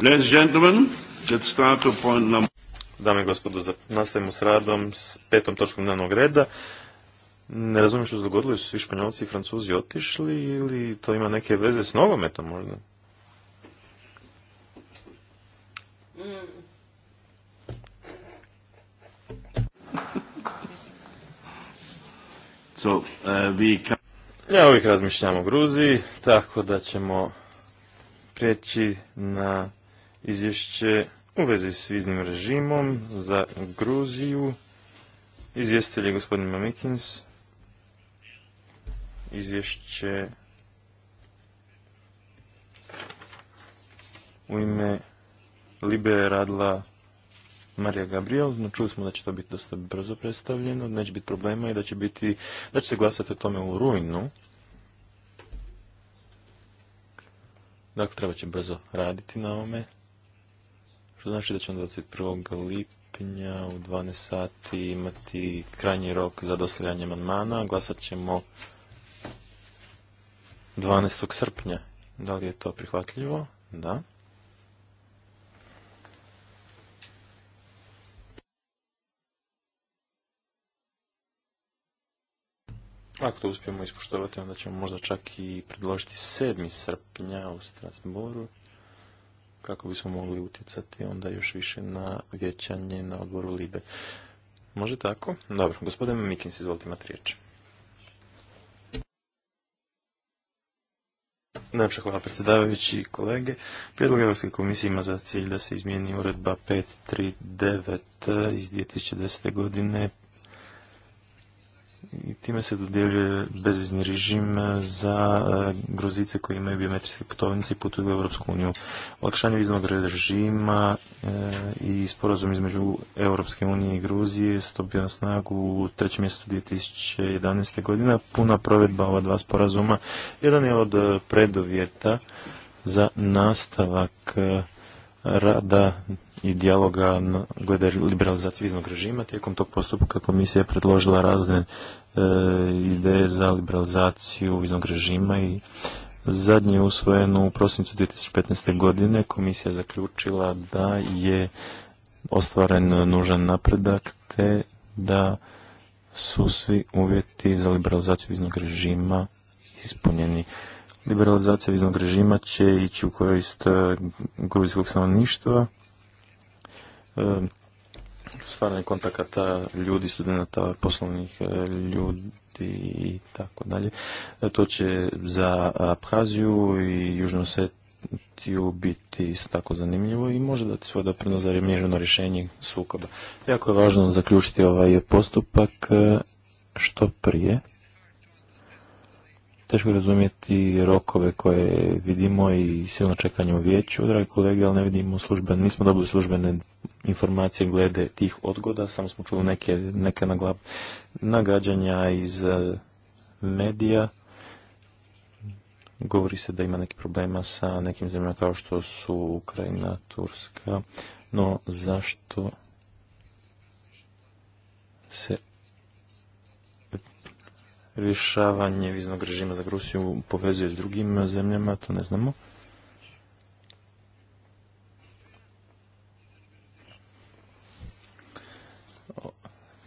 Ladies Dame i gospodo, nastavimo s radom s petom točkom dnevnog reda. Ne razumijem što se dogodilo, su svi španjolci i francuzi otišli ili to ima neke veze s nogometom možda? So, uh, Ja uvijek razmišljam o Gruziji, tako da ćemo prijeći na izvješće u vezi s viznim režimom za Gruziju. Izvjestitelj je gospodin Mamikins. Izvješće u ime Libe radila Marija Gabriel. No, čuli smo da će to biti dosta brzo predstavljeno, neće biti problema i da će, biti, da će se glasati o tome u rujnu. Dakle, treba će brzo raditi na ovome. To znači da ćemo 21. lipnja u 12 sati imati krajnji rok za dostavljanje manmana. Glasat ćemo 12. srpnja. Da li je to prihvatljivo? Da. Ako to uspijemo ispoštovati, onda ćemo možda čak i predložiti 7. srpnja u Strasboru kako bismo mogli utjecati onda još više na vjećanje na odboru Libe. Može tako? Dobro. Gospodin Mikins, izvolite imati riječ. Najpša hvala predsjedavajući kolege. Prijedlog Europske komisije ima za cilj da se izmijeni uredba 539 iz 2010. godine i time se dodjeljuje bezvizni režim e, za e, grozice koji imaju biometrijske putovnice i u Europsku uniju. Olakšanje viznog režima e, i sporazum između Europske unije i Gruzije stupio na snagu u trećem mjesecu 2011. godine Puna provedba ova dva sporazuma jedan je od predovjeta za nastavak rada i dijaloga glede liberalizacije viznog režima. Tijekom tog postupka komisija je predložila razne E, ideje za liberalizaciju viznog režima i zadnje je usvojen u prosincu 2015. godine. Komisija je zaključila da je ostvaren nužan napredak te da su svi uvjeti za liberalizaciju viznog režima ispunjeni. Liberalizacija viznog režima će ići u korist gruzijskog stanovništva, e, stvaranje kontakata ljudi, studenta, poslovnih e, ljudi i tako dalje. E, to će za Abhaziju i Južnu Svetiju biti isto tako zanimljivo i može dati svoj doprinos za mirno rješenje sukoba. Jako je važno zaključiti ovaj postupak e, što prije teško razumjeti rokove koje vidimo i silno čekanje u vijeću, dragi kolege, ali ne vidimo službene, nismo dobili službene informacije glede tih odgoda, samo smo čuli neke, neke nagla, nagađanja iz eh, medija. Govori se da ima neki problema sa nekim zemljama kao što su Ukrajina, Turska, no zašto se rješavanje viznog režima za Rusiju povezuje s drugim zemljama, to ne znamo.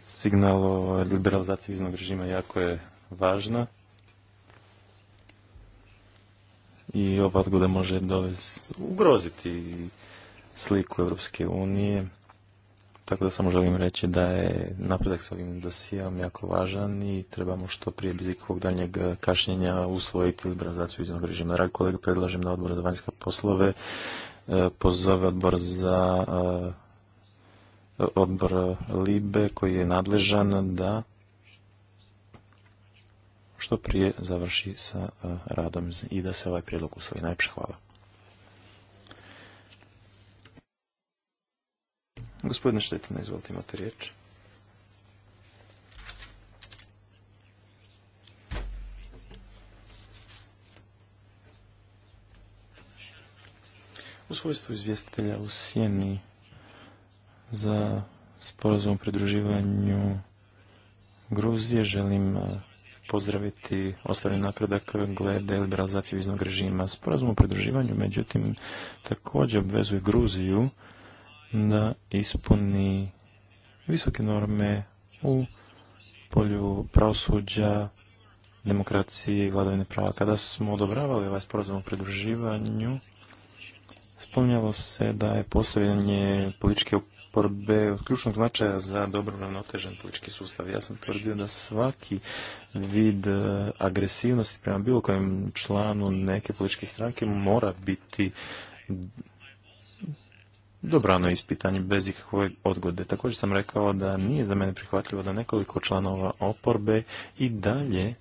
Signal o liberalizaciji viznog režima jako je važna i ova odgoda može ugroziti sliku Europske unije tako da samo želim reći da je napredak s ovim dosijom jako važan i trebamo što prije bez ikakvog daljnjeg e, kašnjenja usvojiti liberalizaciju iznog režima. Dragi kolega, predlažem na odbor za vanjske poslove e, pozove odbor za e, odbor Libe koji je nadležan da što prije završi sa radom i da se ovaj prijedlog usvoji. Najpše hvala. Gospodine Štetina, izvolite, imate riječ. U svojstvu izvjestitelja u Sjeni za sporazum o pridruživanju Gruzije želim eh, pozdraviti ostvareni napredak glede liberalizacije viznog režima. Sporazum o pridruživanju, međutim, također obvezuje Gruziju da ispuni visoke norme u polju pravosuđa, demokracije i vladavine prava. Kada smo odobravali ovaj sporazum o pridruživanju, spominjalo se da je postojanje političke oporbe od ključnog značaja za dobro ravnotežen politički sustav. Ja sam tvrdio da svaki vid eh, agresivnosti prema bilo kojem članu neke političke stranke mora biti dobrano ispitanje bez ikakve odgode. Također sam rekao da nije za mene prihvatljivo da nekoliko članova oporbe i dalje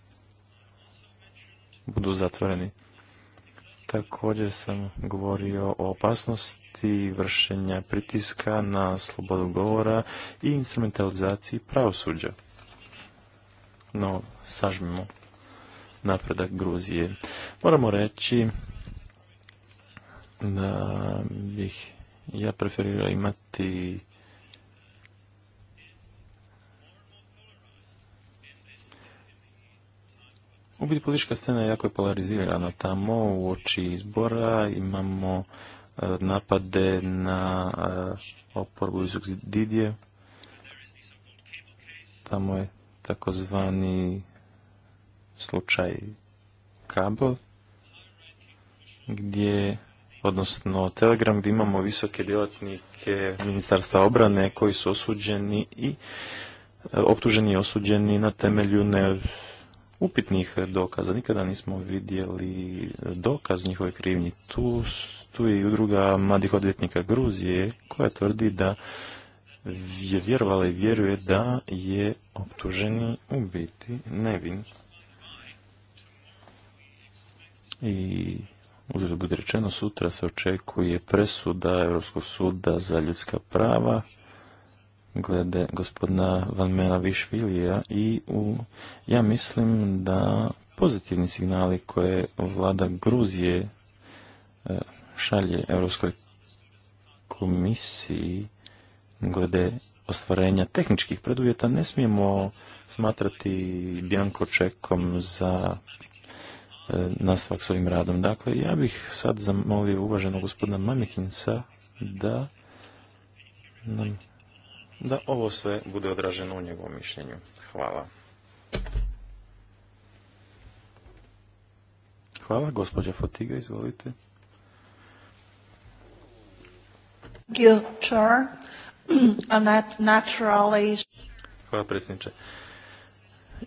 budu zatvoreni. Također sam govorio o opasnosti vršenja pritiska na slobodu govora i instrumentalizaciji pravosuđa. No, sažmimo napredak Gruzije. Moramo reći da bih ja preferira imati U biti politička scena jako je polarizirana tamo, u oči izbora imamo e, napade na e, oporbu iz Didije. Tamo je takozvani slučaj Kabel, gdje odnosno Telegram, gdje imamo visoke djelatnike Ministarstva obrane koji su osuđeni i e, optuženi i osuđeni na temelju neupitnih upitnih dokaza. Nikada nismo vidjeli dokaz njihove krivnje. Tu, tu je i udruga mladih odvjetnika Gruzije koja tvrdi da je vjerovala i vjeruje da je optuženi u biti nevin. I uzred bude rečeno, sutra se očekuje presuda Europskog suda za ljudska prava glede gospodina Van Mela Višvilija i u, ja mislim da pozitivni signali koje vlada Gruzije e, šalje Europskoj komisiji glede ostvarenja tehničkih preduvjeta ne smijemo smatrati bjanko čekom za E, nastavak s ovim radom. Dakle, ja bih sad zamolio uvaženog gospodina Mamikinca da da ovo sve bude odraženo u njegovom mišljenju. Hvala. Hvala, gospođa Fotiga, izvolite. Hvala predsjedniče.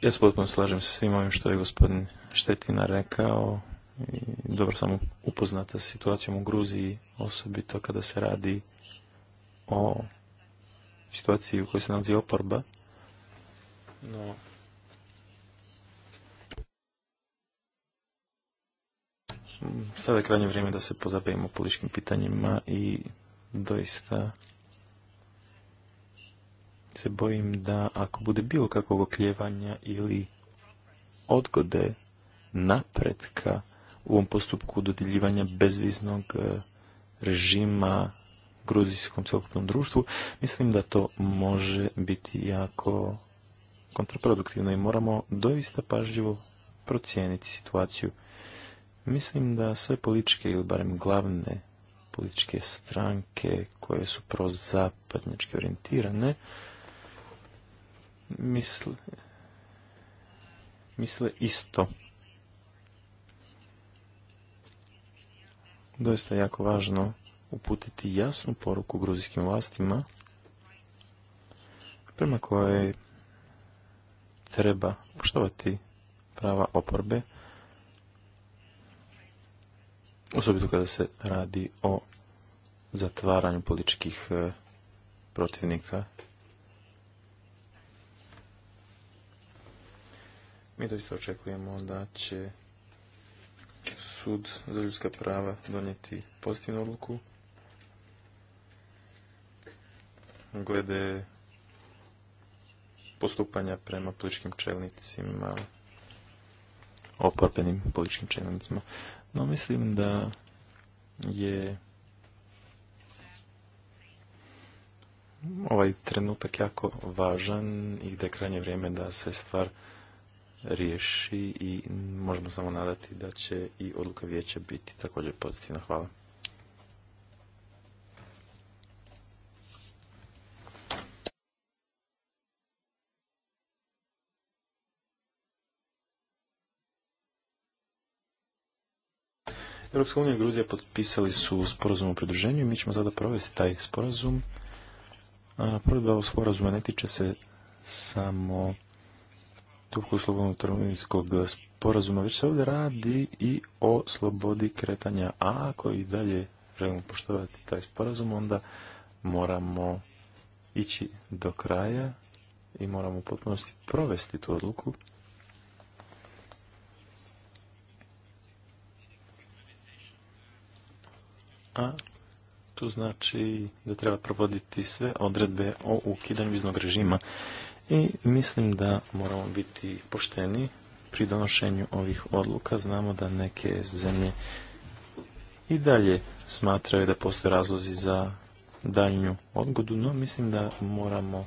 Ja se potpuno slažem s svim ovim što je gospodin Štetina rekao, i dobro sam upoznata s situacijom u Gruziji, osobito kada se radi o situaciji u kojoj se nalazi oporba. No, sada je krajnje vrijeme da se pozabavimo političkim pitanjima i doista se bojim da ako bude bilo kakvog okljevanja ili odgode napretka u ovom postupku dodjeljivanja bezviznog e, režima gruzijskom cjelokupnom društvu, mislim da to može biti jako kontraproduktivno i moramo doista pažljivo procijeniti situaciju. Mislim da sve političke ili barem glavne političke stranke koje su prozapadnjačke orijentirane misle, misle isto. doista jako važno uputiti jasnu poruku gruzijskim vlastima prema kojoj treba poštovati prava oporbe, osobito kada se radi o zatvaranju političkih e, protivnika. Mi doista očekujemo da će sud za ljudska prava donijeti pozitivnu odluku glede postupanja prema političkim čelnicima, oporbenim političkim čelnicima. No mislim da je ovaj trenutak jako važan i da je krajnje vrijeme da se stvar riješi i možemo samo nadati da će i odluka vijeća biti također pozitivna. Hvala. Europska unija i Gruzija potpisali su sporazum o pridruženju i mi ćemo sada provesti taj sporazum. Provedba ovog sporazuma ne tiče se samo turko-slobodnog trgovinskog sporazuma, već se ovdje radi i o slobodi kretanja. A ako i dalje želimo poštovati taj sporazum, onda moramo ići do kraja i moramo potpunosti provesti tu odluku. A to znači da treba provoditi sve odredbe o ukidanju viznog režima i mislim da moramo biti pošteni pri donošenju ovih odluka. Znamo da neke zemlje i dalje smatraju da postoje razlozi za daljnju odgodu, no mislim da moramo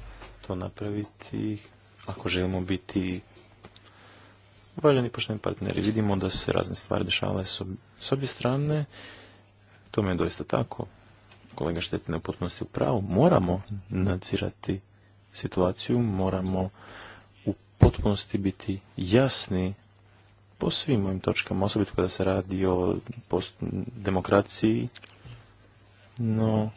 to napraviti ako želimo biti valjani pošteni partneri. Vidimo da su se razne stvari dešavale s obje strane. Tome je doista tako. Kolega Štetina u potpunosti u pravu. Moramo nadzirati situaciju, moramo u potpunosti biti jasni po svim mojim točkama, osobito kada se radi o demokraciji, no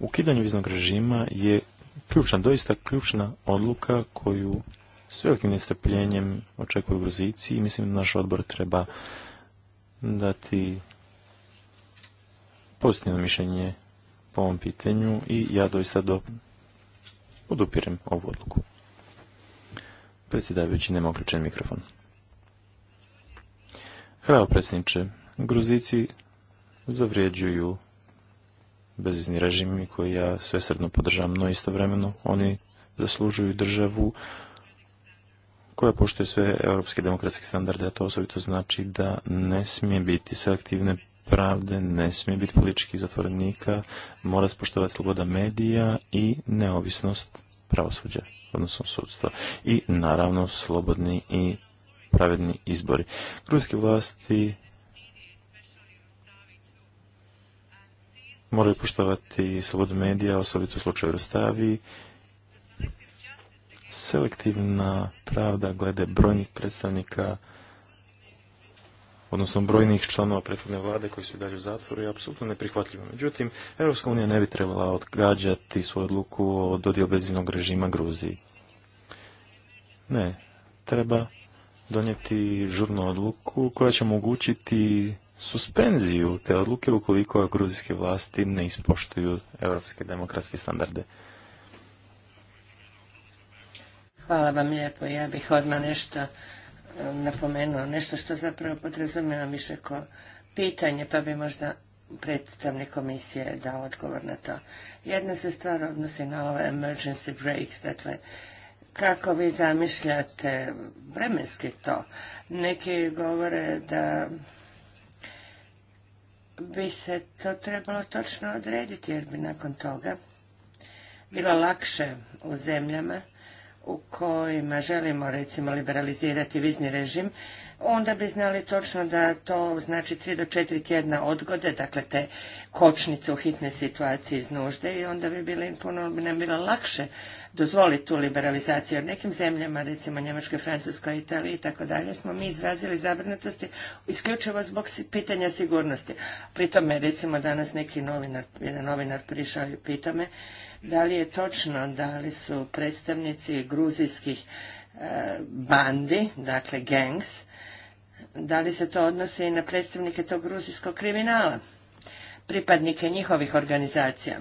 ukidanje viznog režima je ključna, doista ključna odluka koju s velikim nestrpljenjem očekuju Gruzici i mislim da naš odbor treba dati pozitivno mišljenje po ovom pitanju i ja doista do podupirem ovu odluku. Predsjedavajući nema uključen mikrofon. Hvala predsjedniče. Gruzici zavrijeđuju bezvizni režimi koji ja svesredno podržavam, no istovremeno oni zaslužuju državu koja poštuje sve europske demokratske standarde, a to osobito znači da ne smije biti selektivne pravde ne smije biti političkih zatvorenika, mora spoštovati sloboda medija i neovisnost pravosuđa, odnosno sudstva. I naravno slobodni i pravedni izbori. Gruzijske vlasti moraju poštovati slobodu medija, osobito u slučaju Rostavi. Selektivna pravda glede brojnih predstavnika odnosno brojnih članova prethodne vlade koji su dalje u zatvoru je apsolutno neprihvatljivo. Međutim, Europska unija ne bi trebala odgađati svoju odluku o dodijel bezvinog režima Gruziji. Ne, treba donijeti žurnu odluku koja će omogućiti suspenziju te odluke ukoliko gruzijske vlasti ne ispoštuju europske demokratske standarde. Hvala vam lijepo. Ja bih odmah nešto napomenuo nešto što zapravo podrazumijeva više ko pitanje, pa bi možda predstavnik komisije dao odgovor na to. Jedna se stvar odnosi na ove emergency breaks, dakle, kako vi zamišljate vremenski to? Neki govore da bi se to trebalo točno odrediti, jer bi nakon toga bilo lakše u zemljama u kojima želimo recimo liberalizirati vizni režim onda bi znali točno da to znači tri do četiri tjedna odgode, dakle te kočnice u hitne situacije iz nužde i onda bi bili, puno bi nam bilo lakše dozvoliti tu liberalizaciju. Jer nekim zemljama, recimo Njemačkoj, Francuskoj, Italiji i tako dalje, smo mi izrazili zabrinutosti isključivo zbog pitanja sigurnosti. Pri tome, recimo danas neki novinar, jedan novinar prišao i pita me da li je točno da li su predstavnici gruzijskih eh, bandi, dakle gangs, da li se to odnosi i na predstavnike tog gruzijskog kriminala, pripadnike njihovih organizacija?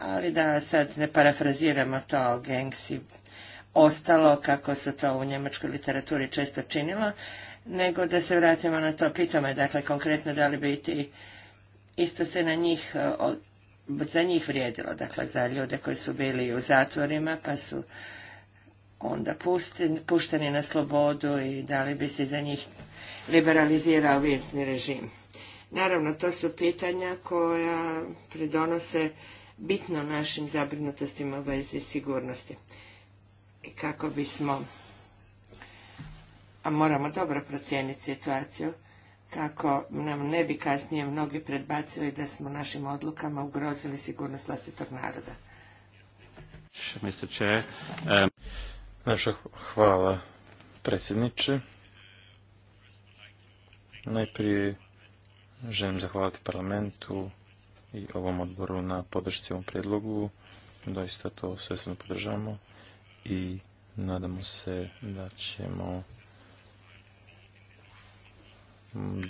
Ali da sad ne parafraziramo to gengs ostalo kako se to u njemačkoj literaturi često činilo, nego da se vratimo na to. Pitome, dakle, konkretno da li bi isto se na njih, e, za njih vrijedilo, dakle, za ljude koji su bili u zatvorima pa su onda pušteni na slobodu i da li bi se za njih liberalizira vjesni režim. Naravno, to su pitanja koja pridonose bitno našim zabrinutostima u vezi sigurnosti. I kako bismo, a moramo dobro procijeniti situaciju, kako nam ne bi kasnije mnogi predbacili da smo našim odlukama ugrozili sigurnost vlastitog naroda. Mr. Um, hvala predsjedniče. Najprije želim zahvaliti parlamentu i ovom odboru na podršci ovom predlogu. Doista to svesno podržamo i nadamo se da ćemo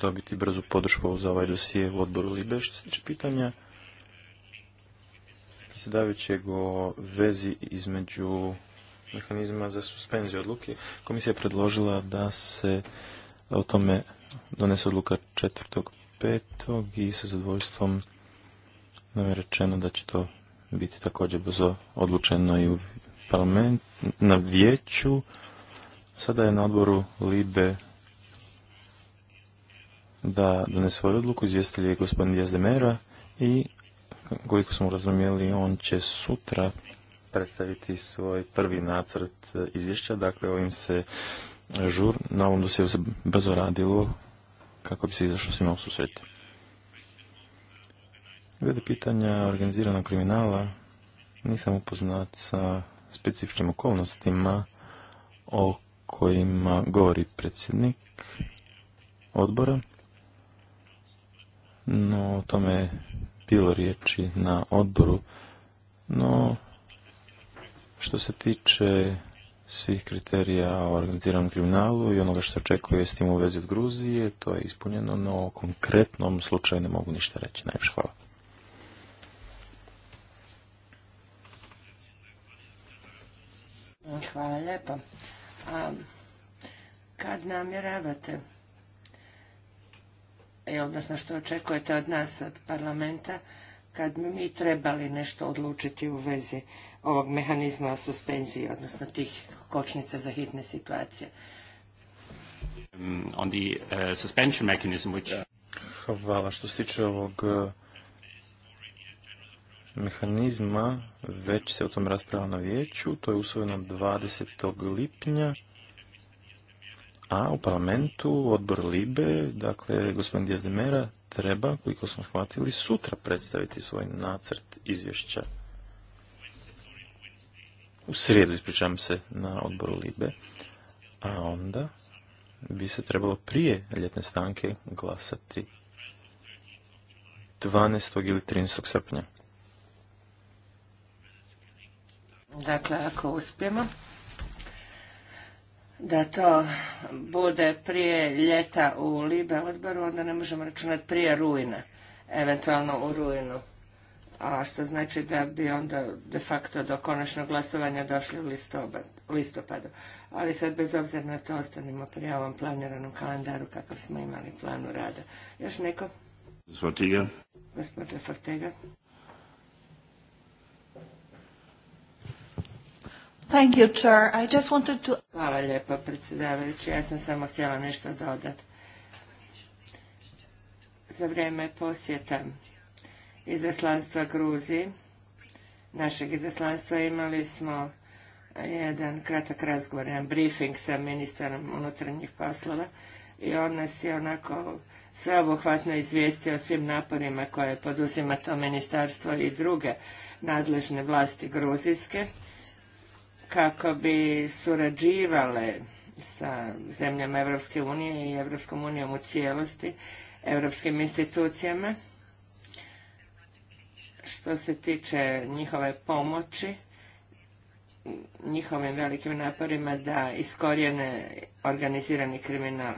dobiti brzu podršku za ovaj dosije u odboru Libe. Što se tiče pitanja predsjedavajućeg o vezi između mehanizma za suspenziju odluke, komisija je predložila da se o tome donese odluka četvrtog petog i sa zadovoljstvom nam je rečeno da će to biti također brzo odlučeno i u parlament, na vijeću. Sada je na odboru Libe da donese svoju odluku, izvjestitelj je gospodin Dijaz i koliko smo razumjeli on će sutra predstaviti svoj prvi nacrt izvješća, dakle ovim se žur, na ovom dosijelu se brzo radilo kako bi se izašlo svima u susret. Glede pitanja organiziranog kriminala, nisam upoznat sa specifičnim okolnostima o kojima govori predsjednik odbora, no o tome je bilo riječi na odboru, no što se tiče svih kriterija o organiziranom kriminalu i onoga što očekuje s tim u vezi od Gruzije, to je ispunjeno, no o konkretnom slučaju ne mogu ništa reći. Najviše hvala. Hvala lijepo. kad namjeravate, e, odnosno što očekujete od nas, od parlamenta, kad bi mi trebali nešto odlučiti u vezi ovog mehanizma o suspenziji, odnosno tih kočnica za hitne situacije. Um, on uh, suspension mechanism which... Hvala. Što se tiče ovog uh, mehanizma, već se o tom raspravljamo na vijeću. To je usvojeno 20. lipnja. A u parlamentu odbor Libe, dakle gospodin Diaz de Mera, treba, koliko smo shvatili, sutra predstaviti svoj nacrt izvješća. U srijedu, ispričavam se, na odboru Libe. A onda bi se trebalo prije ljetne stanke glasati 12. ili 13. srpnja. Dakle, ako uspijemo, da to bude prije ljeta u Libe odboru, onda ne možemo računati prije rujna, eventualno u rujnu. A što znači da bi onda de facto do konačnog glasovanja došli u listopadu. Ali sad bez obzira na to ostanimo pri ovom planiranom kalendaru kakav smo imali planu rada. Još neko? Gospodin Fortega. Thank you, Hvala lijepa predsjedavajući. Ja sam samo htjela nešto dodati. Za vrijeme posjeta izaslanstva Gruziji, našeg izaslanstva, imali smo jedan kratak razgovor, jedan briefing sa ministrom unutarnjih poslova i on nas je onako sveobuhvatno izvijestio o svim naporima koje poduzima to ministarstvo i druge nadležne vlasti gruzijske kako bi surađivale sa zemljama Evropske unije i Evropskom unijom u cijelosti, evropskim institucijama, što se tiče njihove pomoći, njihovim velikim naporima da iskorijene organizirani kriminal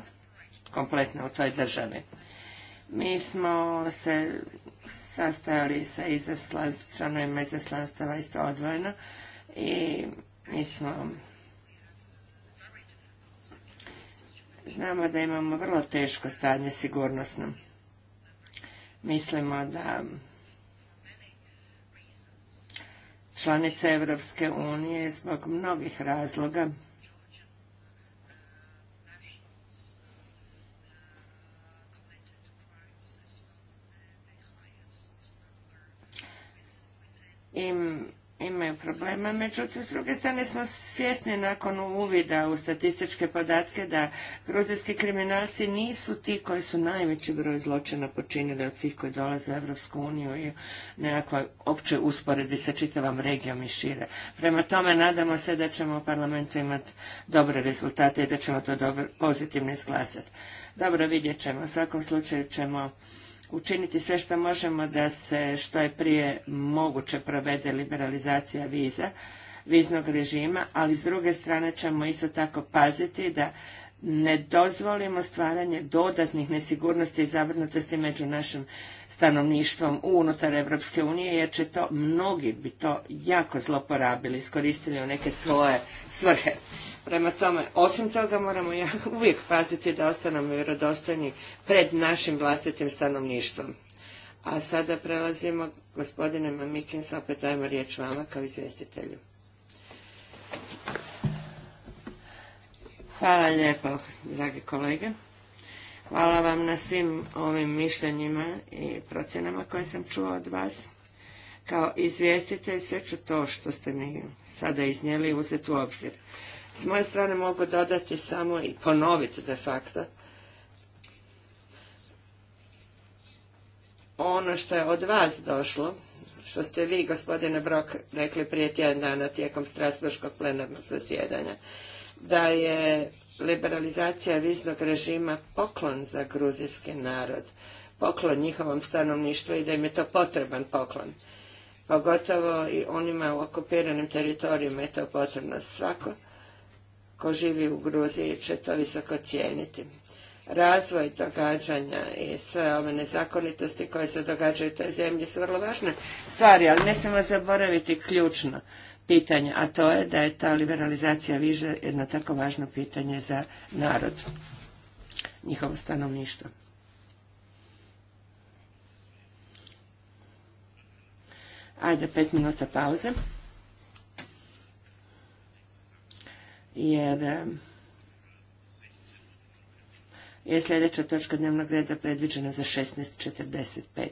kompletno u toj državi. Mi smo se sastajali sa članovima izaslanstava isto odvojeno i islam. Znamo da imamo vrlo teško stanje sigurnosno. Mislimo da članice Evropske unije zbog mnogih razloga im imaju problema. Međutim, s druge strane smo svjesni nakon uvida u statističke podatke da gruzijski kriminalci nisu ti koji su najveći broj zločina počinili od svih koji dolaze u Europsku uniju i nekakvoj općoj usporedbi sa čitavom regijom i šire. Prema tome, nadamo se da ćemo u parlamentu imati dobre rezultate i da ćemo to dobro, pozitivno izglasati. Dobro, vidjet ćemo. U svakom slučaju ćemo učiniti sve što možemo da se što je prije moguće provede liberalizacija viza, viznog režima, ali s druge strane ćemo isto tako paziti da ne dozvolimo stvaranje dodatnih nesigurnosti i zabrinutosti među našim stanovništvom unutar Europske unije, jer će to, mnogi bi to jako zloporabili, iskoristili u neke svoje svrhe. Prema tome, osim toga moramo uvijek paziti da ostanemo vjerodostojni pred našim vlastitim stanovništvom. A sada prelazimo, gospodine Mamikins, opet dajemo riječ vama kao izvjestitelju. Hvala lijepo, dragi kolege. Hvala vam na svim ovim mišljenjima i procjenama koje sam čuo od vas. Kao izvjestitelj sve ću to što ste mi sada iznijeli uzeti u obzir. S moje strane mogu dodati samo i ponoviti de facto ono što je od vas došlo, što ste vi, gospodine Brok, rekli prije tjedan dana tijekom Strasburškog plenarnog zasjedanja, da je liberalizacija viznog režima poklon za gruzijski narod, poklon njihovom stanovništvu i da im je to potreban poklon. Pogotovo i onima u okupiranim teritorijima je to potrebno. Svako ko živi u Gruziji će to visoko cijeniti. Razvoj događanja i sve ove nezakonitosti koje se događaju u toj zemlji su vrlo važne stvari, ali ne smijemo zaboraviti ključno pitanje, a to je da je ta liberalizacija viže jedno tako važno pitanje za narod, njihovo stanovništvo. Ajde, pet minuta pauze. jer eh, je sljedeća točka dnevnog reda predviđena za 16.45.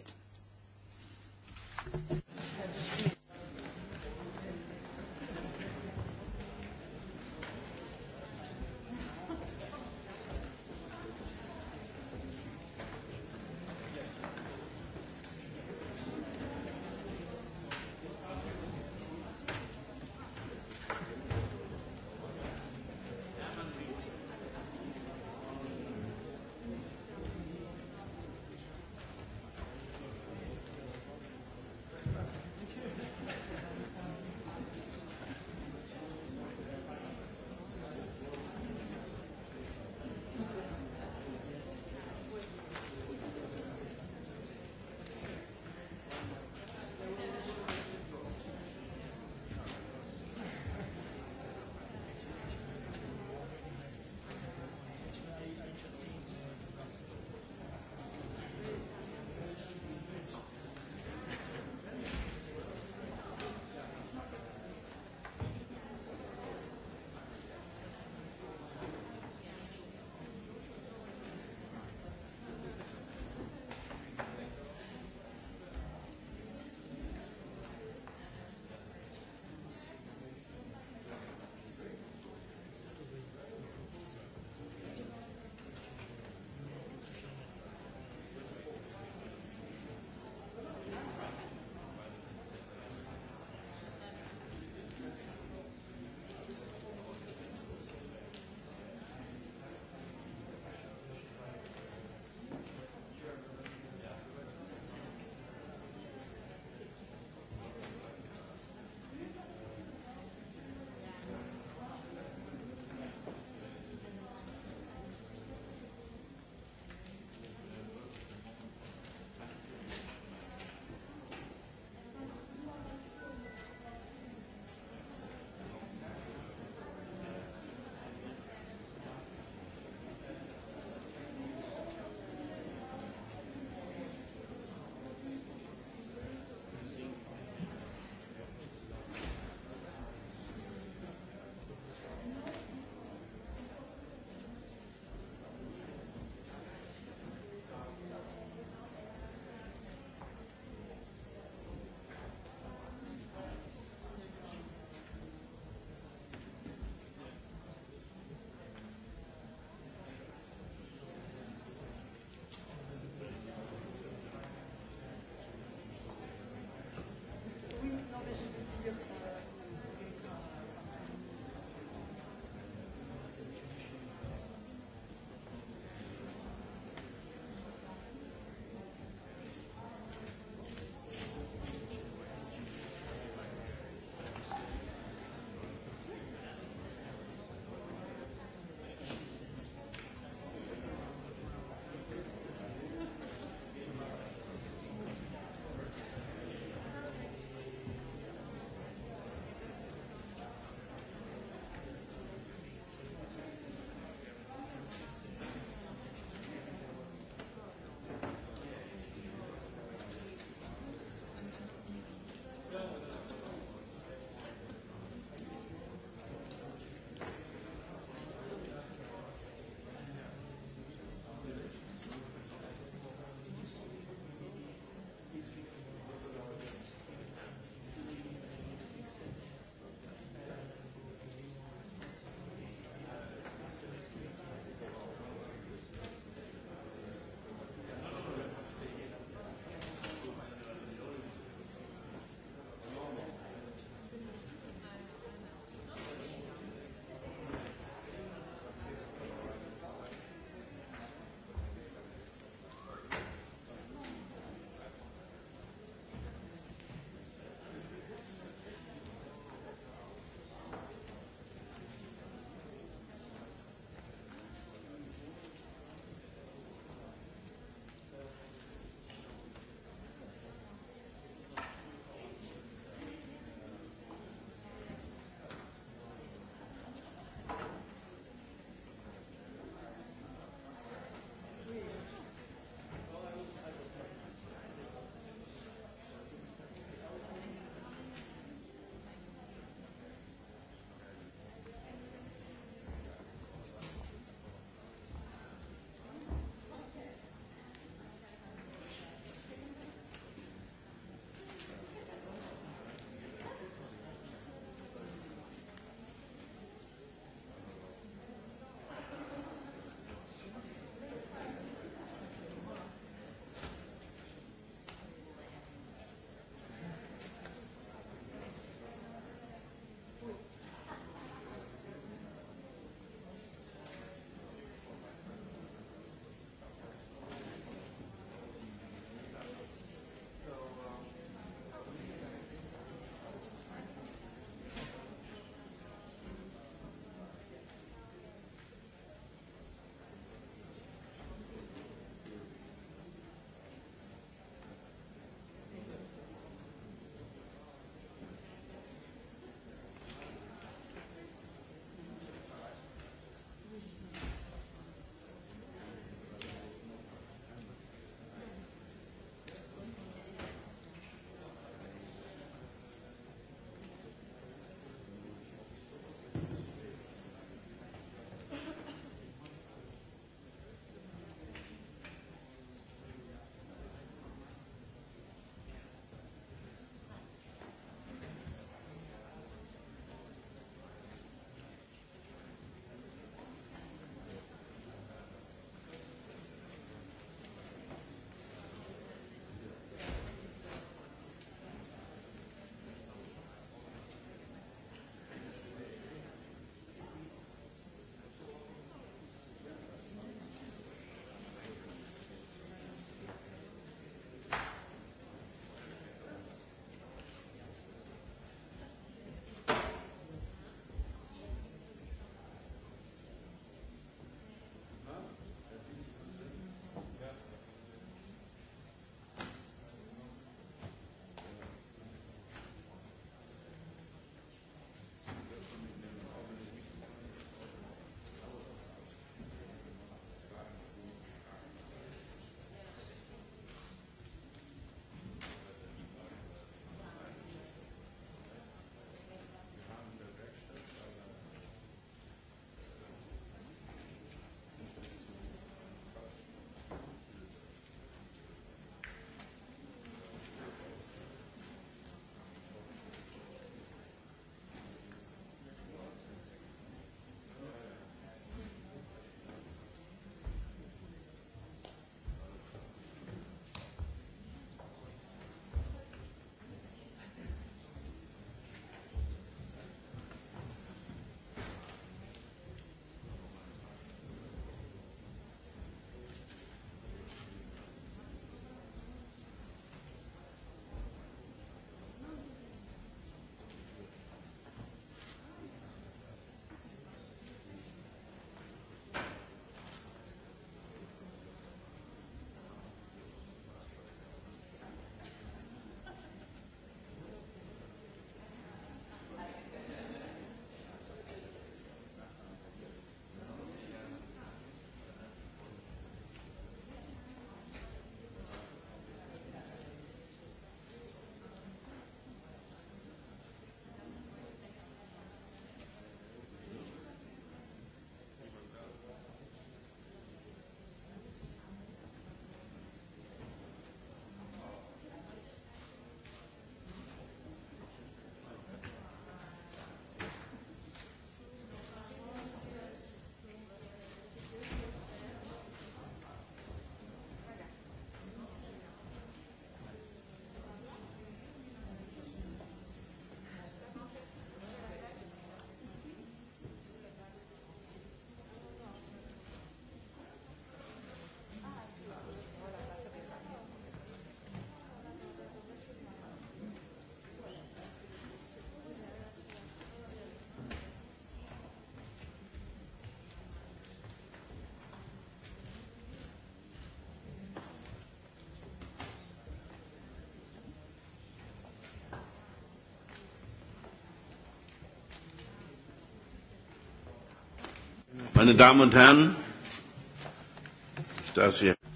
Meine Damen und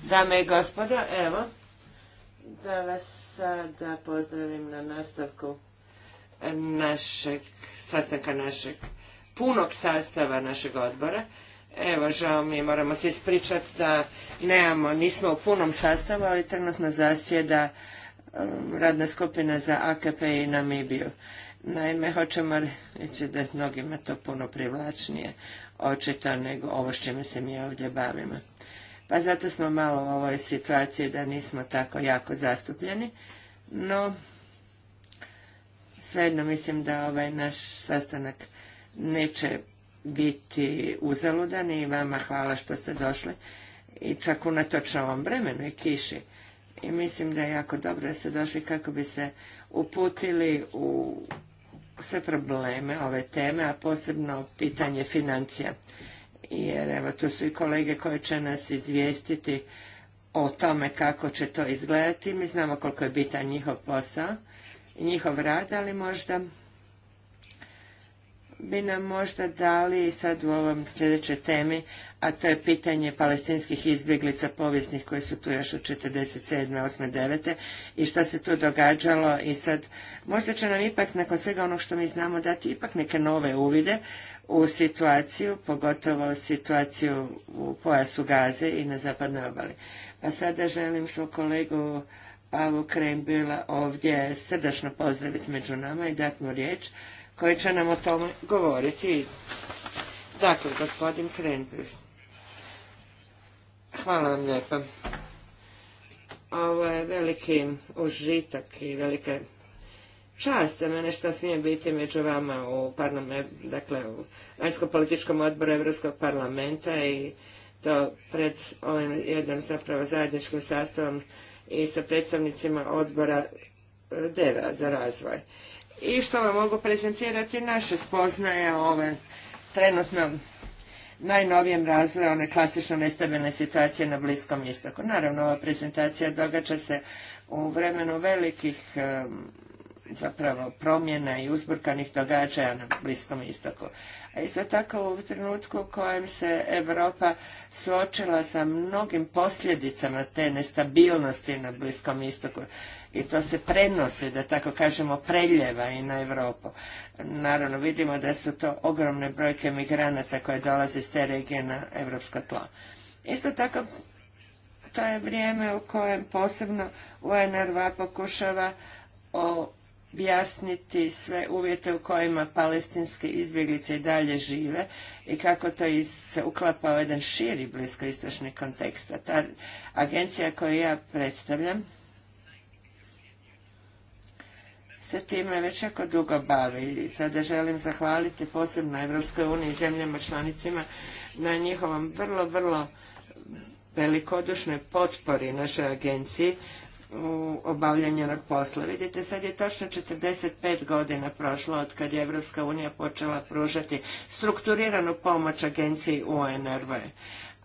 Dame i gospodo, evo, da vas sada pozdravim na nastavku našeg, sastanka našeg, punog sastava našeg odbora. Evo, žao mi moramo se ispričati da nemamo, nismo u punom sastavu, ali trenutno zasjeda um, radna skupina za AKP i Namibiju. Naime, hoćemo reći da je mnogima to puno privlačnije očito nego ovo s čime se mi ovdje bavimo. Pa zato smo malo u ovoj situaciji da nismo tako jako zastupljeni, no svejedno mislim da ovaj naš sastanak neće biti uzaludan i vama hvala što ste došli i čak unatoč ovom vremenu i kiši. I mislim da je jako dobro da ste došli kako bi se uputili u sve probleme ove teme, a posebno pitanje financija. Jer evo tu su i kolege koje će nas izvijestiti o tome kako će to izgledati. Mi znamo koliko je bitan njihov posao i njihov rad, ali možda bi nam možda dali sad u ovom sljedećoj temi a to je pitanje palestinskih izbjeglica povijesnih koji su tu još od 47. 8. 9. i šta se tu događalo i sad možda će nam ipak nakon svega onog što mi znamo dati ipak neke nove uvide u situaciju, pogotovo situaciju u pojasu Gaze i na zapadnoj obali. Pa sada želim svog kolegu Pavu Krembila ovdje srdačno pozdraviti među nama i dati mu riječ koji će nam o tome govoriti. Dakle, gospodin Krembila. Hvala vam lijepa. Ovo je veliki užitak i velike čast za mene što smije biti među vama u vanjskom e, dakle u političkom odboru Europskog parlamenta i to pred ovim jednom zapravo zajedničkim sastavom i sa predstavnicima odbora e, DEVA za razvoj. I što vam mogu prezentirati naše spoznaje ove trenutno najnovijem razvoju one klasično nestabilne situacije na Bliskom istoku. Naravno, ova prezentacija događa se u vremenu velikih zapravo promjena i uzburkanih događaja na Bliskom istoku. A isto tako u trenutku u kojem se Europa suočila sa mnogim posljedicama te nestabilnosti na Bliskom istoku i to se prenosi, da tako kažemo, preljeva i na Europu. Naravno, vidimo da su to ogromne brojke migranata koje dolaze iz te regije na evropsko tla. Isto tako, to je vrijeme u kojem posebno UNRVA pokušava o objasniti sve uvjete u kojima palestinske izbjeglice i dalje žive i kako to se uklapa u jedan širi bliskoistočni kontekst. A ta agencija koju ja predstavljam se time već jako dugo bavi i sada želim zahvaliti posebno Evropskoj uniji i zemljama članicima na njihovom vrlo, vrlo velikodušnoj potpori našoj agenciji u obavljanju posla. Vidite, sad je točno 45 godina prošlo od kad je Evropska unija počela pružati strukturiranu pomoć agenciji UNRV.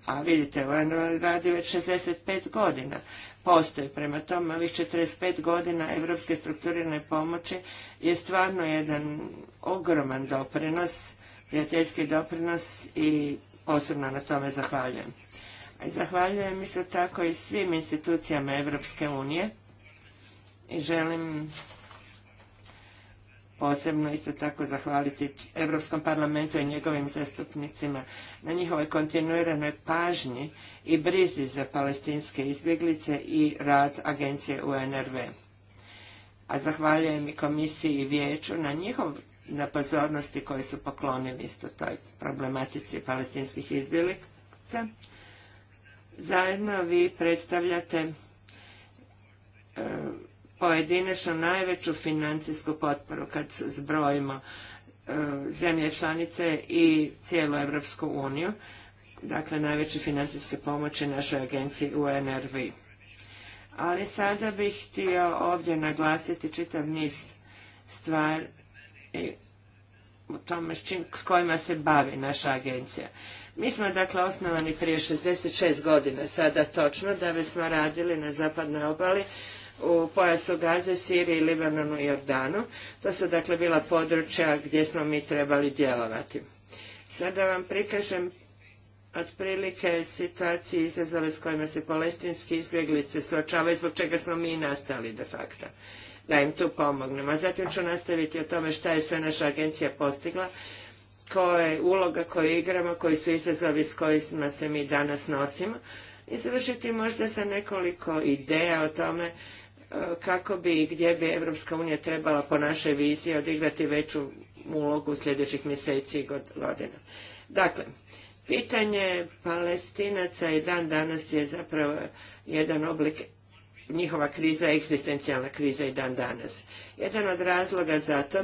A vidite, UNRV radi već 65 godina. Postoji prema tome, ovih 45 godina evropske strukturirane pomoći je stvarno jedan ogroman doprinos, prijateljski doprinos i posebno na tome zahvaljujem. Zahvaljujem isto tako i svim institucijama Evropske unije i želim posebno isto tako zahvaliti Europskom parlamentu i njegovim zastupnicima na njihovoj kontinuiranoj pažnji i brizi za palestinske izbjeglice i rad agencije UNRV. A zahvaljujem i komisiji i vijeću na njihov na pozornosti koji su poklonili isto toj problematici palestinskih izbjeglica Zajedno vi predstavljate e, pojedinačno najveću financijsku potporu kad zbrojimo e, zemlje članice i cijelu Evropsku uniju, dakle najveće financijske pomoći našoj agenciji UNRV. Ali sada bih htio ovdje naglasiti čitav niz stvari tome s kojima se bavi naša agencija. Mi smo dakle osnovani prije 66 godina sada točno da bismo radili na zapadnoj obali u pojasu Gaze, Siriji, Libanonu i Jordanu. To su dakle bila područja gdje smo mi trebali djelovati. Sada vam prikažem otprilike situacije i izazove s kojima se palestinski izbjeglice suočavaju, zbog čega smo mi nastali de facto da im tu pomognemo. zatim ću nastaviti o tome šta je sve naša agencija postigla koje uloga koju igramo, koji su izazovi s kojima se mi danas nosimo i završiti možda sa nekoliko ideja o tome e, kako bi i gdje bi Europska unija trebala po našoj viziji odigrati veću ulogu u sljedećih mjeseci i godina. Dakle, pitanje palestinaca i dan danas je zapravo jedan oblik njihova kriza, egzistencijalna kriza i dan danas. Jedan od razloga za to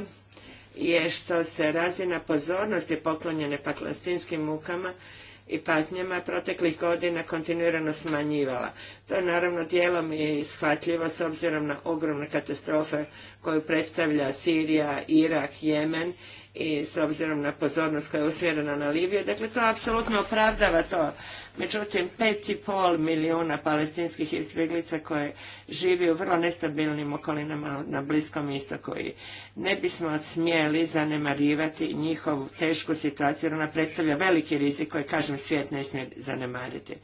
je što se razina pozornosti poklonjene paklastinskim mukama i patnjama proteklih godina kontinuirano smanjivala. To je naravno dijelom i shvatljivo s obzirom na ogromne katastrofe koju predstavlja Sirija, Irak, Jemen i s obzirom na pozornost koja je usmjerena na Libiju. Dakle, to apsolutno opravdava to Međutim, pol milijuna palestinskih izbjeglica koje živi u vrlo nestabilnim okolinama na Bliskom istoku i ne bismo smjeli zanemarivati njihovu tešku situaciju jer ona predstavlja veliki rizik koji, kažem, svijet ne smije zanemariti.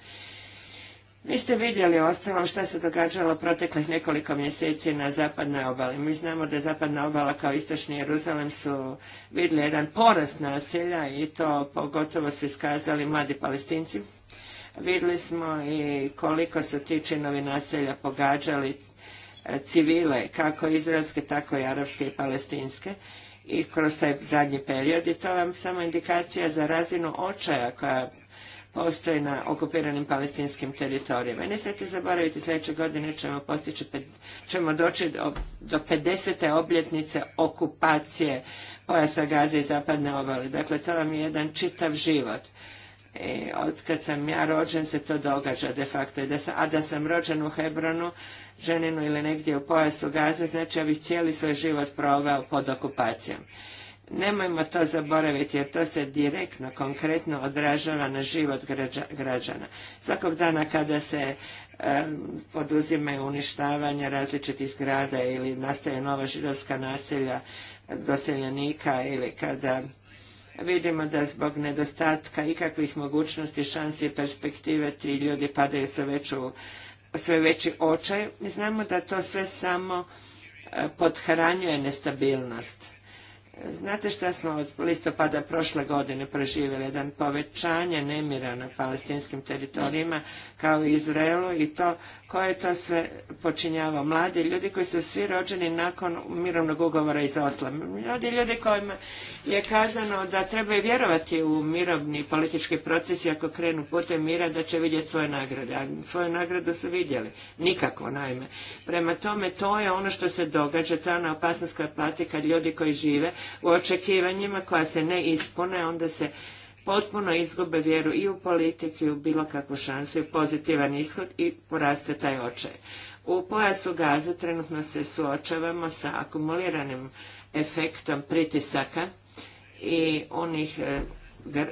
Vi ste vidjeli ostalom šta se događalo proteklih nekoliko mjeseci na zapadnoj obali. Mi znamo da je zapadna obala kao istočni Jeruzalem su vidjeli jedan porast nasilja i to pogotovo su iskazali mladi palestinci. Vidjeli smo i koliko su ti činovi nasilja pogađali e, civile, kako izraelske, tako i arapske i palestinske i kroz taj zadnji period i to vam samo indikacija za razinu očaja koja postoji na okupiranim palestinskim teritorijima. I ne smijete zaboraviti, sljedeće godine ćemo postići, ćemo doći do, do 50. obljetnice okupacije pojasa Gaze i zapadne obale. Dakle, to vam je jedan čitav život. I od kad sam ja rođen se to događa de facto. da a da sam rođen u Hebronu, ženinu ili negdje u pojasu Gaze, znači ja bih cijeli svoj život proveo pod okupacijom. Nemojmo to zaboraviti jer to se direktno, konkretno odražava na život građana. Svakog dana kada se e, poduzimaju uništavanja različitih zgrada ili nastaje nova židovska naselja doseljenika ili kada vidimo da zbog nedostatka ikakvih mogućnosti, šansi i perspektive ti ljudi padaju sve, sve veći očaj. Mi znamo da to sve samo e, podhranjuje nestabilnost Znate šta smo od listopada prošle godine proživjeli? Jedan povećanje nemira na palestinskim teritorijima kao i Izraelu i to koje to sve počinjavao. mladi ljudi koji su svi rođeni nakon mirovnog ugovora iz Osla. Mladi ljudi kojima je kazano da trebaju vjerovati u mirovni politički proces i ako krenu putem mira da će vidjeti svoje nagrade. A svoju nagradu su vidjeli. Nikako, naime. Prema tome, to je ono što se događa, to je ona opasnost koja plati kad ljudi koji žive u očekivanjima koja se ne ispune, onda se potpuno izgube vjeru i u politiku i u bilo kakvu šansu i pozitivan ishod i poraste taj očaj. U pojasu gaze trenutno se suočavamo sa akumuliranim efektom pritisaka i onih e,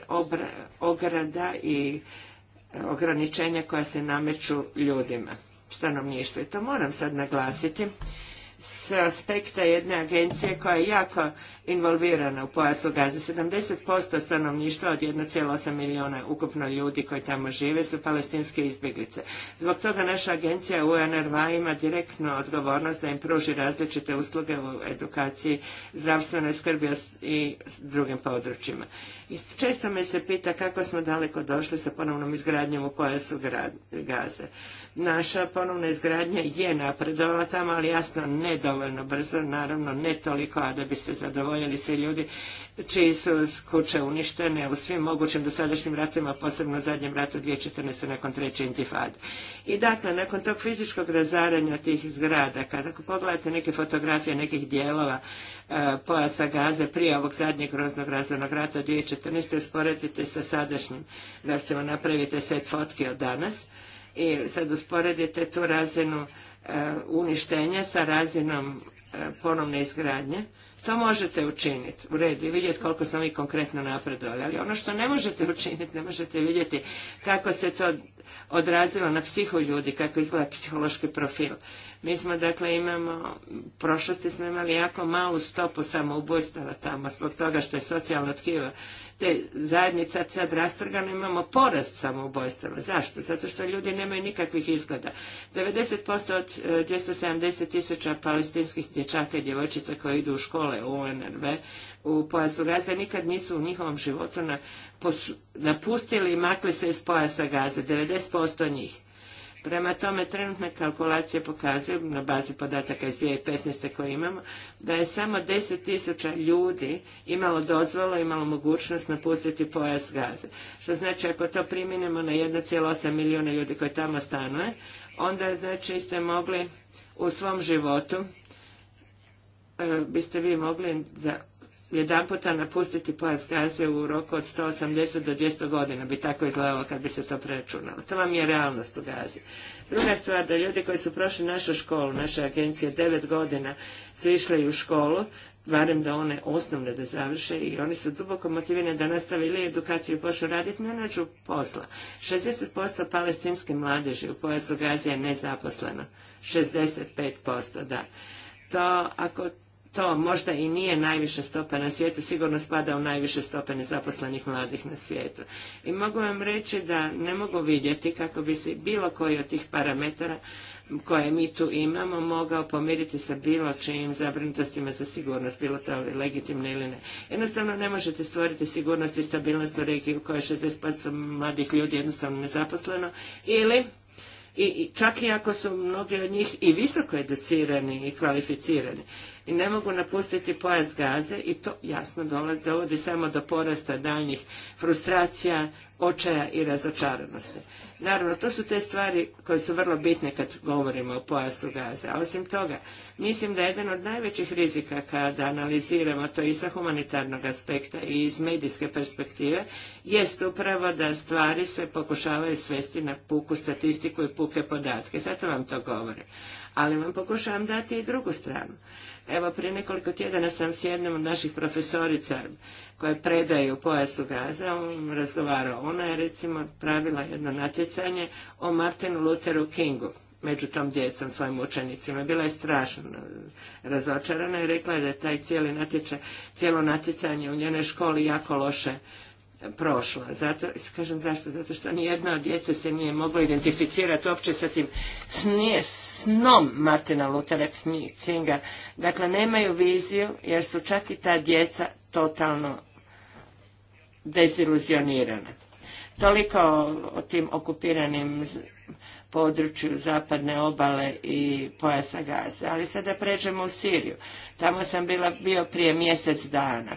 ograda i ograničenja koja se nameću ljudima, stanovništvu. I to moram sad naglasiti s aspekta jedne agencije koja je jako involvirana u pojasu Gaze. 70% stanovništva od 1,8 milijuna ukupno ljudi koji tamo žive su palestinske izbjeglice. Zbog toga naša agencija UNRWA ima direktnu odgovornost da im pruži različite usluge u edukaciji, zdravstvenoj skrbi i drugim područjima. I često me se pita kako smo daleko došli sa ponovnom izgradnjom u pojasu Gaze. Naša ponovna izgradnja je napredovala tamo, ali jasno nedovoljno brzo, naravno ne toliko, a da bi se zadovoljili svi ljudi čiji su kuće uništene u svim mogućim dosadašnjim ratima, posebno u zadnjem ratu 2014. nakon treće intifade. I dakle, nakon tog fizičkog razaranja tih zgrada, kada pogledate neke fotografije nekih dijelova e, pojasa gaze prije ovog zadnjeg groznog razvojnog rata 2014. usporedite sa sadašnjim, recimo napravite set fotke od danas i sad usporedite tu razinu E, uništenja sa razinom e, ponovne izgradnje, to možete učiniti u redu i vidjeti koliko smo mi konkretno napredovali. Ali ono što ne možete učiniti, ne možete vidjeti kako se to odrazilo na psihu ljudi, kako izgleda psihološki profil. Mi smo dakle imamo, u prošlosti smo imali jako malu stopu samoubojstava tamo zbog toga što je socijalno tkivo te zajednica sad rastrgano imamo porast samoubojstava. Zašto? Zato što ljudi nemaju nikakvih izgleda. 90% od 270 e, tisuća palestinskih dječaka i djevojčica koji idu u škole u UNRV u pojasu Gaze nikad nisu u njihovom životu napustili i makli se iz pojasa Gaze. 90% njih. Prema tome, trenutne kalkulacije pokazuju, na bazi podataka iz 2015. koje imamo, da je samo 10.000 ljudi imalo dozvolo, imalo mogućnost napustiti pojas gaze. Što znači, ako to priminimo na 1,8 milijuna ljudi koji tamo stanuje, onda znači ste mogli u svom životu, e, biste vi mogli za jedan puta napustiti pojas gaze u roku od 180 do 200 godina, bi tako izgledalo kad bi se to preračunalo. To vam je realnost u gazi. Druga stvar, da ljudi koji su prošli našu školu, naše agencije, devet godina su išli u školu, barem da one osnovne da završe i oni su duboko motivirani da nastave ili edukaciju počnu raditi, ne nađu posla. 60% palestinske mladeži u pojasu Gazije je nezaposleno. 65%, da. To, ako to možda i nije najviše stopa na svijetu, sigurno spada u najviše stope nezaposlenih mladih na svijetu. I mogu vam reći da ne mogu vidjeti kako bi se bilo koji od tih parametara koje mi tu imamo mogao pomiriti sa bilo čijim zabrinutostima za sigurnost, bilo to legitimno ili ne. Jednostavno ne možete stvoriti sigurnost i stabilnost u regiji u kojoj je 60% mladih ljudi jednostavno nezaposleno ili i čak i ako su mnogi od njih i visoko educirani i kvalificirani i ne mogu napustiti pojas gaze i to jasno dovodi samo do porasta daljnjih frustracija, očaja i razočaranosti. Naravno, to su te stvari koje su vrlo bitne kad govorimo o pojasu gaze. A osim toga, mislim da je jedan od najvećih rizika kada analiziramo to i sa humanitarnog aspekta i iz medijske perspektive, jest upravo da stvari se pokušavaju svesti na puku statistiku i puke podatke. Zato vam to govorim ali vam pokušavam dati i drugu stranu. Evo, prije nekoliko tjedana sam s jednom od naših profesorica koje predaju u pojasu Gaza razgovarao. Ona je recimo pravila jedno natjecanje o Martinu Lutheru Kingu među tom djecom, svojim učenicima. Bila je strašno razočarana i rekla je da je taj cijeli natječaj, cijelo natjecanje u njenoj školi jako loše prošla. Zato, kažem zašto, zato što nijedna od djece se nije mogla identificirati uopće sa tim snije, snom Martina Luthera Kinga. Dakle, nemaju viziju jer su čak i ta djeca totalno deziluzionirana. Toliko o, tim okupiranim području zapadne obale i pojasa Gaze. Ali sada pređemo u Siriju. Tamo sam bila, bio prije mjesec dana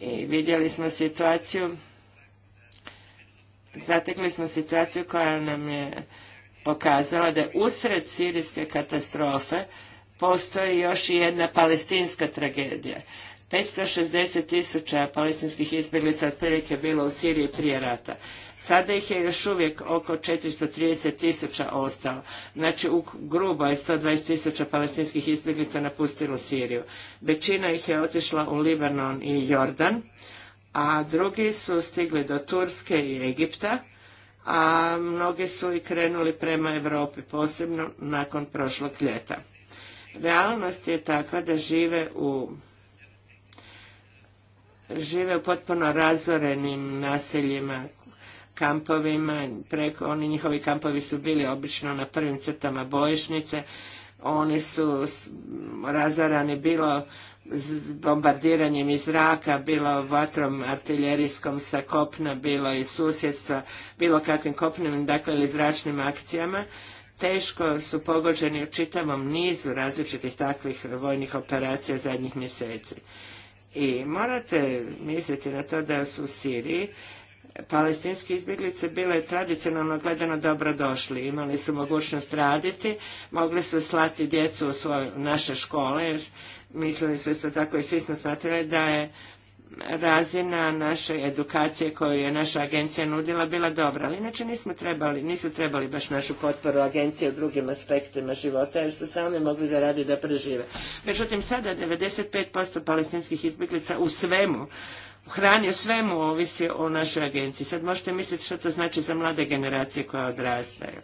i vidjeli smo situaciju zatekli smo situaciju koja nam je pokazala da usred sirijske katastrofe postoji još i jedna palestinska tragedija. 560 tisuća palestinskih izbjeglica otprilike bilo u Siriji prije rata. Sada ih je još uvijek oko 430 tisuća ostalo. Znači, u grubo je 120 tisuća palestinskih izbjeglica napustilo Siriju. Većina ih je otišla u Libanon i Jordan, a drugi su stigli do Turske i Egipta, a mnogi su i krenuli prema Europi, posebno nakon prošlog ljeta. Realnost je takva da žive u žive u potpuno razorenim naseljima, kampovima, preko, oni njihovi kampovi su bili obično na prvim crtama bojišnice, oni su razarani bilo bombardiranjem iz zraka, bilo vatrom artiljerijskom sa kopna, bilo i susjedstva, bilo kakvim kopnenim, dakle ili zračnim akcijama, teško su pogođeni u čitavom nizu različitih takvih vojnih operacija zadnjih mjeseci. I morate misliti na to da su u Siriji palestinske izbjeglice bile tradicionalno gledano dobro došli. Imali su mogućnost raditi, mogli su slati djecu u svoje, naše škole, mislili su isto tako i svi smo da je razina naše edukacije koju je naša agencija nudila bila dobra, ali inače nismo trebali, nisu trebali baš našu potporu agencije u drugim aspektima života jer su sami mogli zaraditi da prežive. Međutim, sada 95% palestinskih izbjeglica u svemu hrani u svemu ovisi o našoj agenciji. Sad možete misliti što to znači za mlade generacije koje odrastaju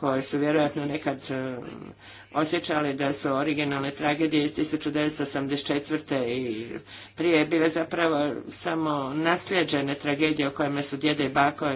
koje su vjerojatno nekad e, osjećali da su originalne tragedije iz 1984. i prije bile zapravo samo nasljeđene tragedije o kojima su djede i bako,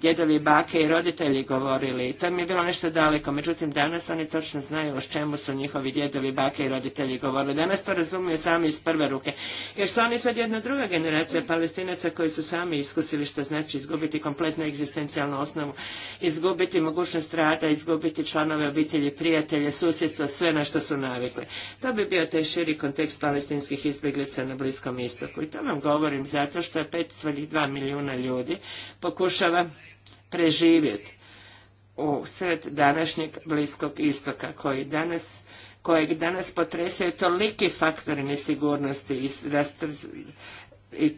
djedovi i bake i roditelji govorili. I to mi je bilo nešto daleko. Međutim, danas oni točno znaju o čemu su njihovi djedovi, bake i roditelji govorili. Danas to razumiju sami iz prve ruke. Jer su oni sad jedna druga generacija palestinaca koji su sami iskusili što znači izgubiti kompletnu egzistencijalnu osnovu, izgubiti mogućnost rada izgubiti članove obitelji, prijatelje, susjedstvo, sve na što su navikli. To bi bio taj širi kontekst palestinskih izbjeglica na Bliskom istoku. I to vam govorim zato što je 5,2 milijuna ljudi pokušava preživjeti u sred današnjeg Bliskog istoka koji danas kojeg danas potresaju toliki faktori nesigurnosti i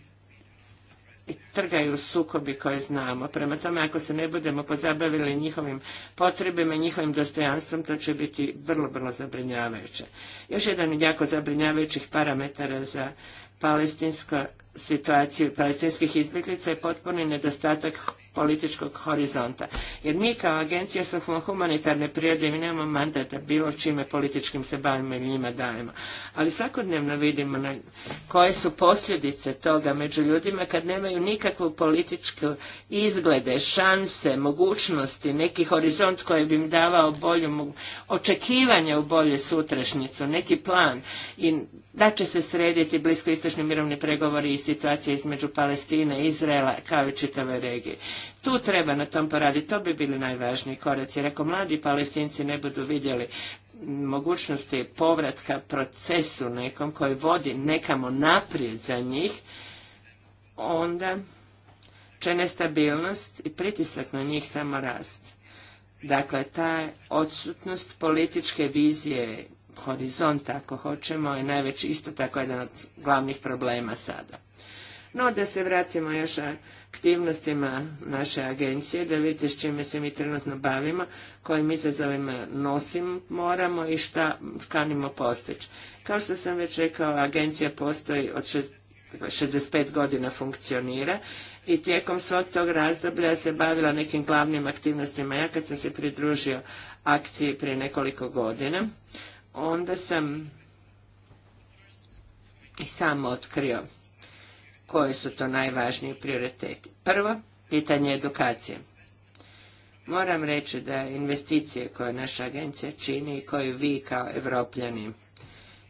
trgaju sukobi koje znamo. Prema tome, ako se ne budemo pozabavili njihovim potrebima, njihovim dostojanstvom, to će biti vrlo, vrlo zabrinjavajuće. Još jedan od jako zabrinjavajućih parametara za palestinsku situaciju palestinskih izbjeglica je potpuni nedostatak političkog horizonta. Jer mi kao agencija smo humanitarne prirode, mi nemamo mandata bilo čime političkim se bavimo i njima dajemo. Ali svakodnevno vidimo koje su posljedice toga među ljudima kad nemaju nikakvu političku izglede, šanse, mogućnosti, neki horizont koji bi im davao bolju, očekivanja u bolju sutrašnjicu, neki plan i da će se srediti bliskoistočni mirovni pregovori i situacija između Palestine i Izraela kao i čitave regije. Tu treba na tom poraditi, to bi bili najvažniji koraci. Jer ako mladi palestinci ne budu vidjeli mogućnosti povratka procesu nekom koji vodi nekamo naprijed za njih, onda će nestabilnost i pritisak na njih samo rast. Dakle, ta odsutnost političke vizije horizonta, ako hoćemo, je najveći isto tako jedan od glavnih problema sada. No, da se vratimo još aktivnostima naše agencije, da vidite s čime se mi trenutno bavimo, kojim izazovima nosim moramo i šta kanimo postići. Kao što sam već rekao, agencija postoji od 65 godina funkcionira i tijekom svog tog razdoblja se bavila nekim glavnim aktivnostima. Ja kad sam se pridružio akciji prije nekoliko godina, onda sam i sam otkrio koji su to najvažniji prioriteti. Prvo, pitanje edukacije. Moram reći da investicije koje naša agencija čini i koje vi kao evropljani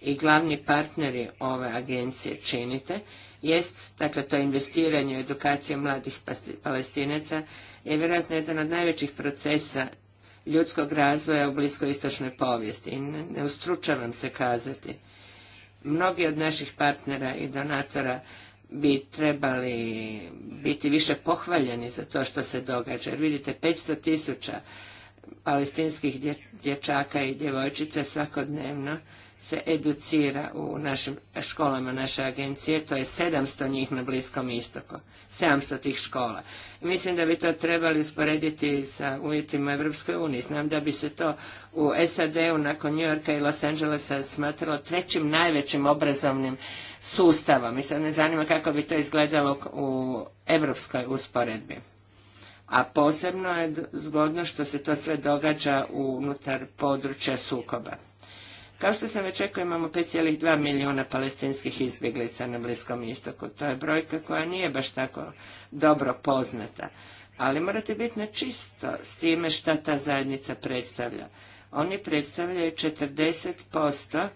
i glavni partneri ove agencije činite, jest, dakle, to investiranje u edukaciju mladih palestinaca je vjerojatno jedan od najvećih procesa ljudskog razvoja u bliskoistočnoj povijesti. I ne ustručavam se kazati. Mnogi od naših partnera i donatora bi trebali biti više pohvaljeni za to što se događa. Jer vidite, 500 tisuća palestinskih dječaka i djevojčica svakodnevno se educira u našim školama naše agencije, to je 700 njih na Bliskom istoku, 700 tih škola. Mislim da bi to trebali usporediti sa uvjetima Evropskoj uniji Znam da bi se to u SAD-u nakon New Yorka i Los Angelesa smatralo trećim najvećim obrazovnim sustavom. I sad ne zanima kako bi to izgledalo u evropskoj usporedbi. A posebno je zgodno što se to sve događa unutar područja sukoba. Kao što sam već rekao, imamo 5,2 milijuna palestinskih izbjeglica na Bliskom istoku. To je brojka koja nije baš tako dobro poznata. Ali morate biti na čisto s time šta ta zajednica predstavlja. Oni predstavljaju 40%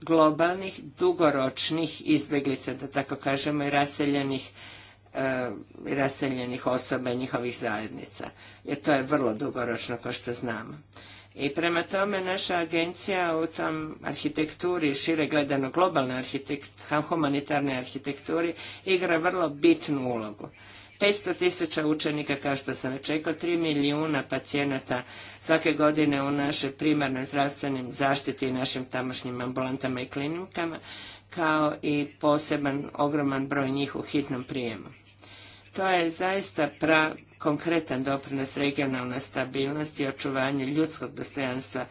globalnih dugoročnih izbjeglica, da tako kažemo, i raseljenih e, raseljenih osoba i njihovih zajednica. Jer to je vrlo dugoročno, kao što znamo. I prema tome naša agencija u tom arhitekturi, šire gledano globalne arhitekt, humanitarne arhitekturi, igra vrlo bitnu ulogu. 500 tisuća učenika, kao što sam već 3 milijuna pacijenata svake godine u našoj primarnoj zdravstvenim zaštiti i našim tamošnjim ambulantama i klinikama, kao i poseban ogroman broj njih u hitnom prijemu. To je zaista pra, konkretan doprinos regionalnoj stabilnosti i očuvanju ljudskog dostojanstva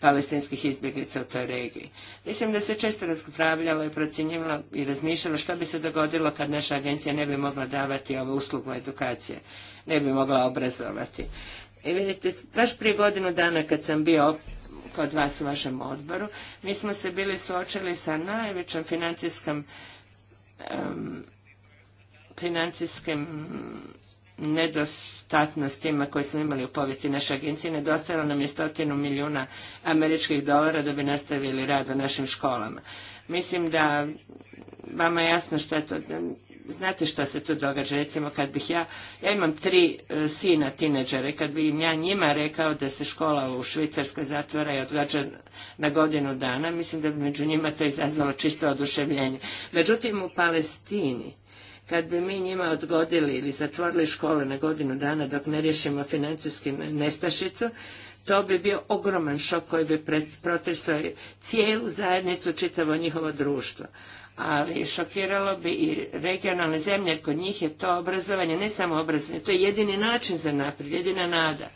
palestinskih izbjeglica u toj regiji. Mislim da se često raspravljalo i procjenjivalo i razmišljalo što bi se dogodilo kad naša agencija ne bi mogla davati ovu uslugu edukacije, ne bi mogla obrazovati. I vidite, baš prije godinu dana kad sam bio kod vas u vašem odboru, mi smo se bili suočili sa najvećom financijskom financijskim nedostatnostima koje smo imali u povijesti naše agencije. Nedostajalo nam je stotinu milijuna američkih dolara da bi nastavili rad u našim školama. Mislim da vama je jasno što je to, znate što se tu događa, recimo kad bih ja, ja imam tri e, sina tineđere, kad bi im ja njima rekao da se škola u Švicarskoj zatvara i odgađa na godinu dana, mislim da bi među njima to izazvalo čisto oduševljenje. Međutim, u Palestini kad bi mi njima odgodili ili zatvorili škole na godinu dana dok ne riješimo financijski nestašicu, to bi bio ogroman šok koji bi protresao cijelu zajednicu, čitavo njihovo društvo. Ali šokiralo bi i regionalne zemlje, jer kod njih je to obrazovanje, ne samo obrazovanje, to je jedini način za naprijed, jedina nada.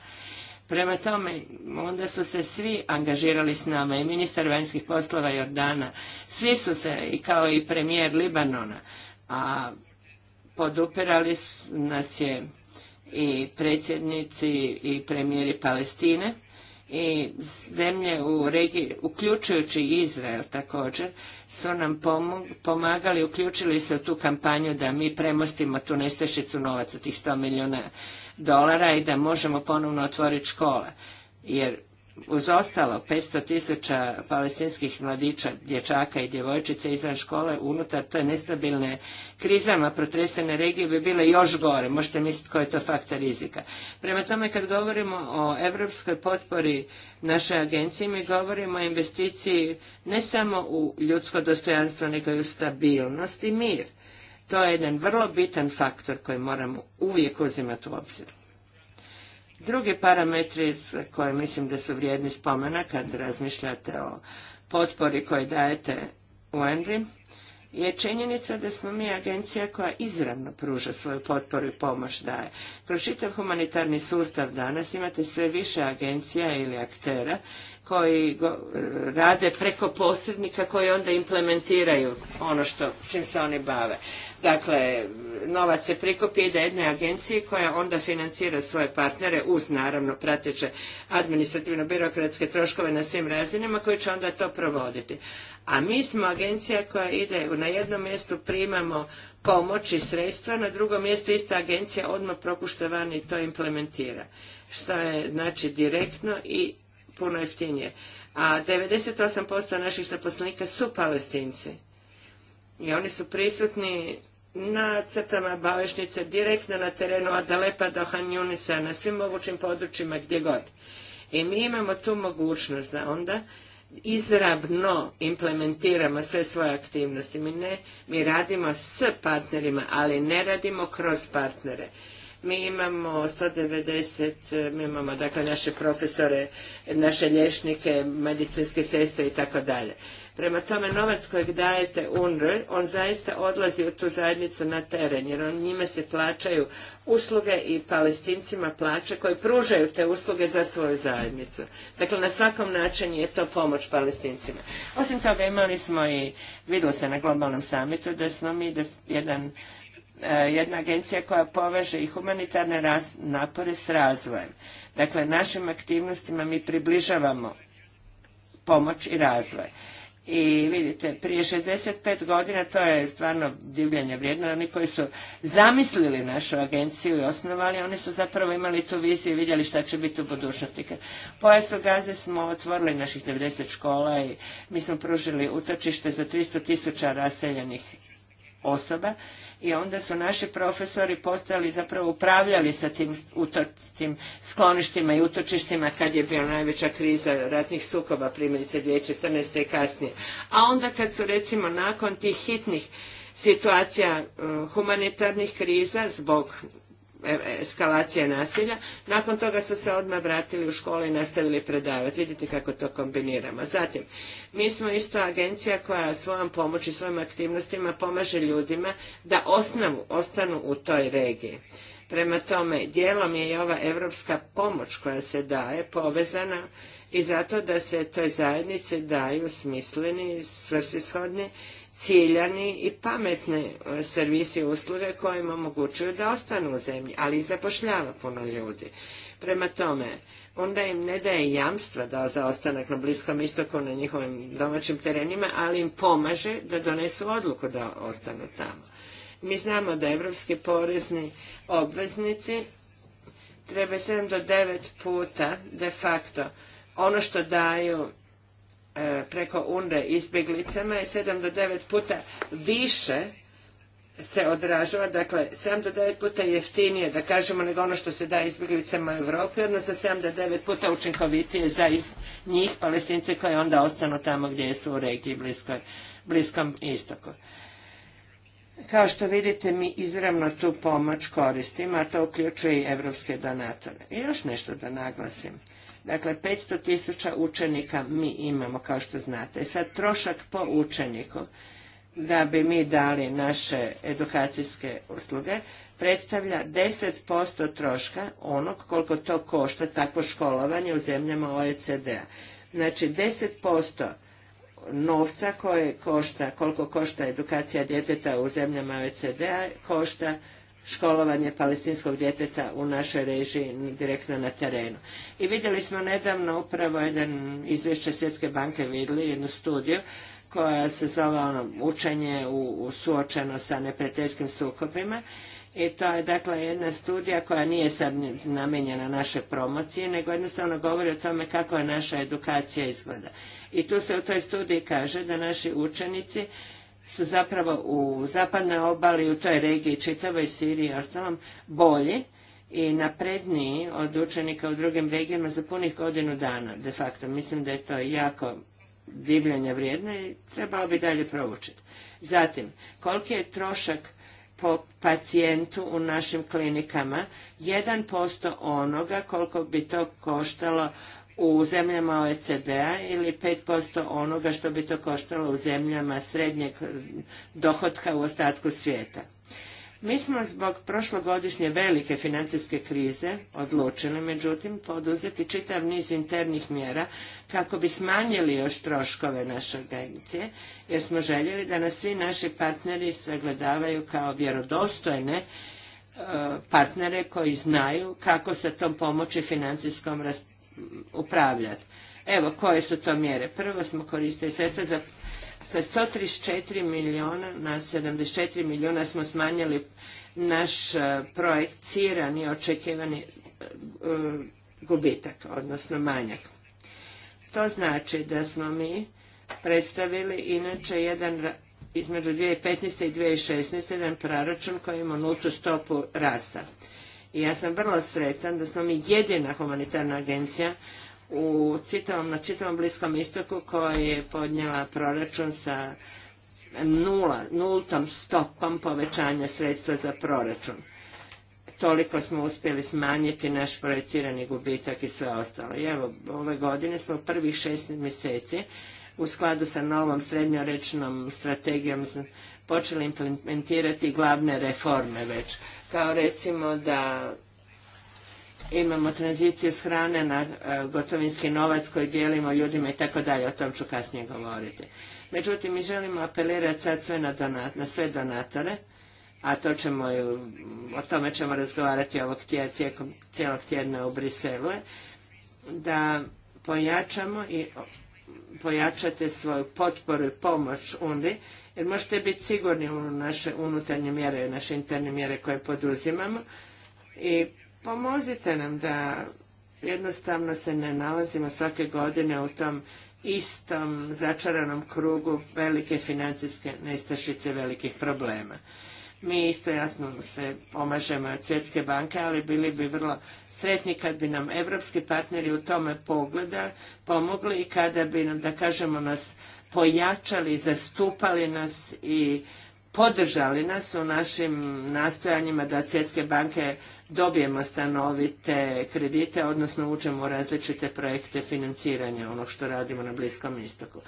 Prema tome, onda su se svi angažirali s nama, i ministar vanjskih poslova Jordana, svi su se, i kao i premijer Libanona, a podupirali nas je i predsjednici i premijeri Palestine i zemlje u regiji, uključujući Izrael također, su nam pomagali, uključili se u tu kampanju da mi premostimo tu nestašicu novaca, tih 100 milijuna dolara i da možemo ponovno otvoriti škole. Jer uz ostalo 500 tisuća palestinskih mladića, dječaka i djevojčice izvan škole unutar to nestabilne krizama protresene regije bi bile još gore. Možete misliti koji je to faktor rizika. Prema tome kad govorimo o europskoj potpori naše agencije mi govorimo o investiciji ne samo u ljudsko dostojanstvo nego i u stabilnost i mir. To je jedan vrlo bitan faktor koji moramo uvijek uzimati u obzir. Drugi parametri koje mislim da su vrijedni spomena kad razmišljate o potpori koju dajete u ENRI je činjenica da smo mi agencija koja izravno pruža svoju potporu i pomoć daje. Kroz čitav humanitarni sustav danas imate sve više agencija ili aktera koji rade preko posrednika koji onda implementiraju ono što, čim se oni bave. Dakle, novac se prikupi ide jednoj agenciji koja onda financira svoje partnere uz naravno prateće administrativno-birokratske troškove na svim razinama koji će onda to provoditi. A mi smo agencija koja ide na jednom mjestu primamo pomoć i sredstva, na drugom mjestu ista agencija odmah propušta van i to implementira. Što je znači direktno i puno jeftinije. A 98% naših zaposlenika su palestinci. I oni su prisutni na crtama Bavešnice, direktno na terenu od Alepa do Hanjunisa, na svim mogućim područjima gdje god. I mi imamo tu mogućnost da onda izravno implementiramo sve svoje aktivnosti. Mi, ne, mi radimo s partnerima, ali ne radimo kroz partnere. Mi imamo 190, mi imamo dakle naše profesore, naše liječnike, medicinske sestre i tako dalje. Prema tome, novac kojeg dajete UNR, on zaista odlazi u tu zajednicu na teren, jer on njime se plaćaju usluge i palestincima plaće koji pružaju te usluge za svoju zajednicu. Dakle, na svakom način je to pomoć palestincima. Osim toga, imali smo i, vidjelo se na globalnom samitu, da smo mi jedan e, jedna agencija koja poveže i humanitarne napore s razvojem. Dakle, našim aktivnostima mi približavamo pomoć i razvoj. I vidite, prije 65 godina to je stvarno divljanje vrijedno. Oni koji su zamislili našu agenciju i osnovali, oni su zapravo imali tu viziju i vidjeli šta će biti u budućnosti. Pojas u Gazi smo otvorili naših 90 škola i mi smo pružili utočište za 300 tisuća raseljenih osoba i onda su naši profesori postali zapravo upravljali sa tim, skloništima i utočištima kad je bila najveća kriza ratnih sukoba primjerice 2014. i kasnije. A onda kad su recimo nakon tih hitnih situacija eh, humanitarnih kriza zbog E, e, eskalacije nasilja. Nakon toga su se odmah vratili u škole i nastavili predavati. Vidite kako to kombiniramo. Zatim, mi smo isto agencija koja svojom pomoći, svojim aktivnostima pomaže ljudima da osnavu, ostanu u toj regiji. Prema tome, dijelom je i ova evropska pomoć koja se daje povezana i zato da se toj zajednici daju smisleni, svrsishodni ciljani i pametni e, servisi i usluge koje im omogućuju da ostanu u zemlji, ali i zapošljava puno ljudi. Prema tome, onda im ne daje jamstva da za ostanak na Bliskom istoku na njihovim domaćim terenima, ali im pomaže da donesu odluku da ostanu tamo. Mi znamo da evropski porezni obveznici treba 7 do 9 puta de facto ono što daju E, preko UNRE izbjeglicama je 7 do 9 puta više se odražava, dakle 7 do 9 puta jeftinije da kažemo nego ono što se da izbjeglicama u Europi, odnosno 7 do 9 puta učinkovitije za njih palestince koji onda ostanu tamo gdje su u regiji bliskom istoku. Kao što vidite, mi izravno tu pomoć koristimo, a to uključuje i evropske donatore. I još nešto da naglasim. Dakle, 500 tisuća učenika mi imamo, kao što znate. Sad, trošak po učeniku da bi mi dali naše edukacijske usluge predstavlja 10% troška onog koliko to košta takvo školovanje u zemljama OECD-a. Znači 10% novca koje košta, koliko košta edukacija djeteta u zemljama OECD-a košta školovanje palestinskog djeteta u našoj režiji direktno na terenu. I vidjeli smo nedavno upravo jedan izvješće Svjetske banke vidjeli, jednu studiju koja se zove ono, učenje u, u suočeno sa neprijateljskim sukobima i to je dakle jedna studija koja nije sad namijenjena našoj promociji, nego jednostavno govori o tome kako je naša edukacija izgleda. I tu se u toj studiji kaže da naši učenici su zapravo u zapadnoj obali, u toj regiji čitavoj Siriji i ostalom bolji i napredniji od učenika u drugim regijama za punih godinu dana, de facto. Mislim da je to jako divljanja vrijedno i trebalo bi dalje provučiti. Zatim, koliki je trošak po pacijentu u našim klinikama? 1% onoga koliko bi to koštalo u zemljama OECD-a ili 5% onoga što bi to koštalo u zemljama srednjeg dohotka u ostatku svijeta. Mi smo zbog prošlogodišnje velike financijske krize odlučili, međutim, poduzeti čitav niz internih mjera kako bi smanjili još troškove naše agencije, jer smo željeli da nas svi naši partneri sagledavaju kao vjerodostojne e, partnere koji znaju kako se tom pomoći financijskom upravljati. Evo, koje su to mjere? Prvo smo koristili sredstva za 134 milijuna na 74 milijuna smo smanjili naš e, projekcirani, očekivani e, gubitak, odnosno manjak. To znači da smo mi predstavili inače jedan između 2015. i 2016. jedan proračun koji ima nultu stopu rasta ja sam vrlo sretan da smo mi jedina humanitarna agencija u na čitavom Bliskom istoku koja je podnijela proračun sa nultom stopom povećanja sredstva za proračun. Toliko smo uspjeli smanjiti naš projecirani gubitak i sve ostalo. I evo, ove godine smo prvih šest mjeseci u skladu sa novom srednjorečnom strategijom počeli implementirati glavne reforme već kao recimo da imamo tranzicije s hrane na e, gotovinski novac koji dijelimo ljudima i tako dalje, o tom ću kasnije govoriti. Međutim, mi želimo apelirati sad sve na, donat, na sve donatore, a to ćemo, o tome ćemo razgovarati ovog tijekom cijelog tjedna u Briselu, da pojačamo i pojačate svoju potporu i pomoć undi jer možete biti sigurni u naše unutarnje mjere, u naše interne mjere koje poduzimamo i pomozite nam da jednostavno se ne nalazimo svake godine u tom istom začaranom krugu velike financijske nestašice velikih problema. Mi isto jasno se pomažemo od svjetske banke, ali bili bi vrlo sretni kad bi nam evropski partneri u tome pogleda pomogli i kada bi nam, da kažemo, nas pojačali, zastupali nas i podržali nas u našim nastojanjima da od Svjetske banke dobijemo stanovite kredite, odnosno uđemo u različite projekte financiranja onog što radimo na Bliskom istoku.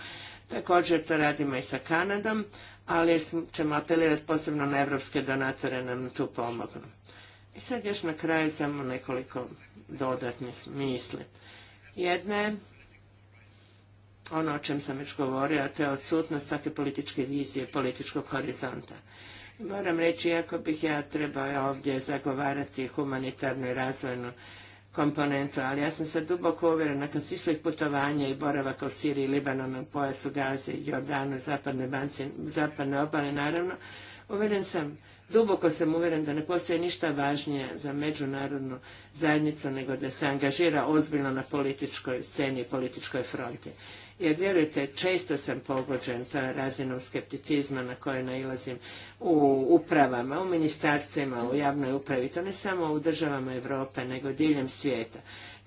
Također to radimo i sa Kanadom, ali ćemo apelirati posebno na evropske donatore nam tu pomognu. I sad još na kraju samo nekoliko dodatnih misli. Jedna je ono o čem sam već govorio, a to je odsutnost svake političke vizije, političkog horizonta. Moram reći, iako bih ja trebao ovdje zagovarati humanitarnu i razvojnu komponentu, ali ja sam se duboko uvjeren, nakon svih svojih putovanja i boravaka u Siriji, Libanonu, pojasu Gazi, Jordanu, zapadne, banci, zapadne obale, naravno, uvjeren sam, duboko sam uvjeren da ne postoji ništa važnije za međunarodnu zajednicu nego da se angažira ozbiljno na političkoj sceni i političkoj fronti jer vjerujte, često sam pogođen ta razinom skepticizma na koje nailazim u upravama, u ministarstvima, u javnoj upravi, to ne samo u državama Europe, nego diljem svijeta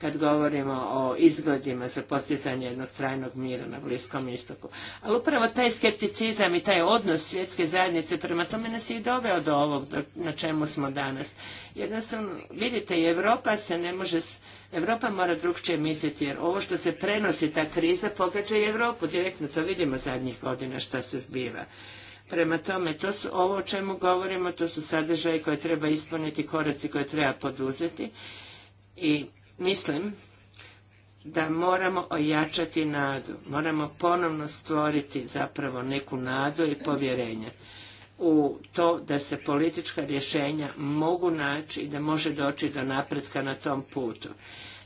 kad govorimo o izgledima za postizanje jednog trajnog mira na Bliskom istoku. Ali upravo taj skepticizam i taj odnos svjetske zajednice prema tome nas je i doveo do ovog na čemu smo danas. Jednostavno, vidite, i Europa se ne može Europa mora drugčije misliti jer ovo što se prenosi ta kriza pogađa i Europu direktno to vidimo zadnjih godina šta se zbiva. Prema tome, to su ovo o čemu govorimo, to su sadržaji koje treba ispuniti, koraci koje treba poduzeti i Mislim da moramo ojačati nadu, moramo ponovno stvoriti zapravo neku nadu i povjerenje u to da se politička rješenja mogu naći i da može doći do napretka na tom putu.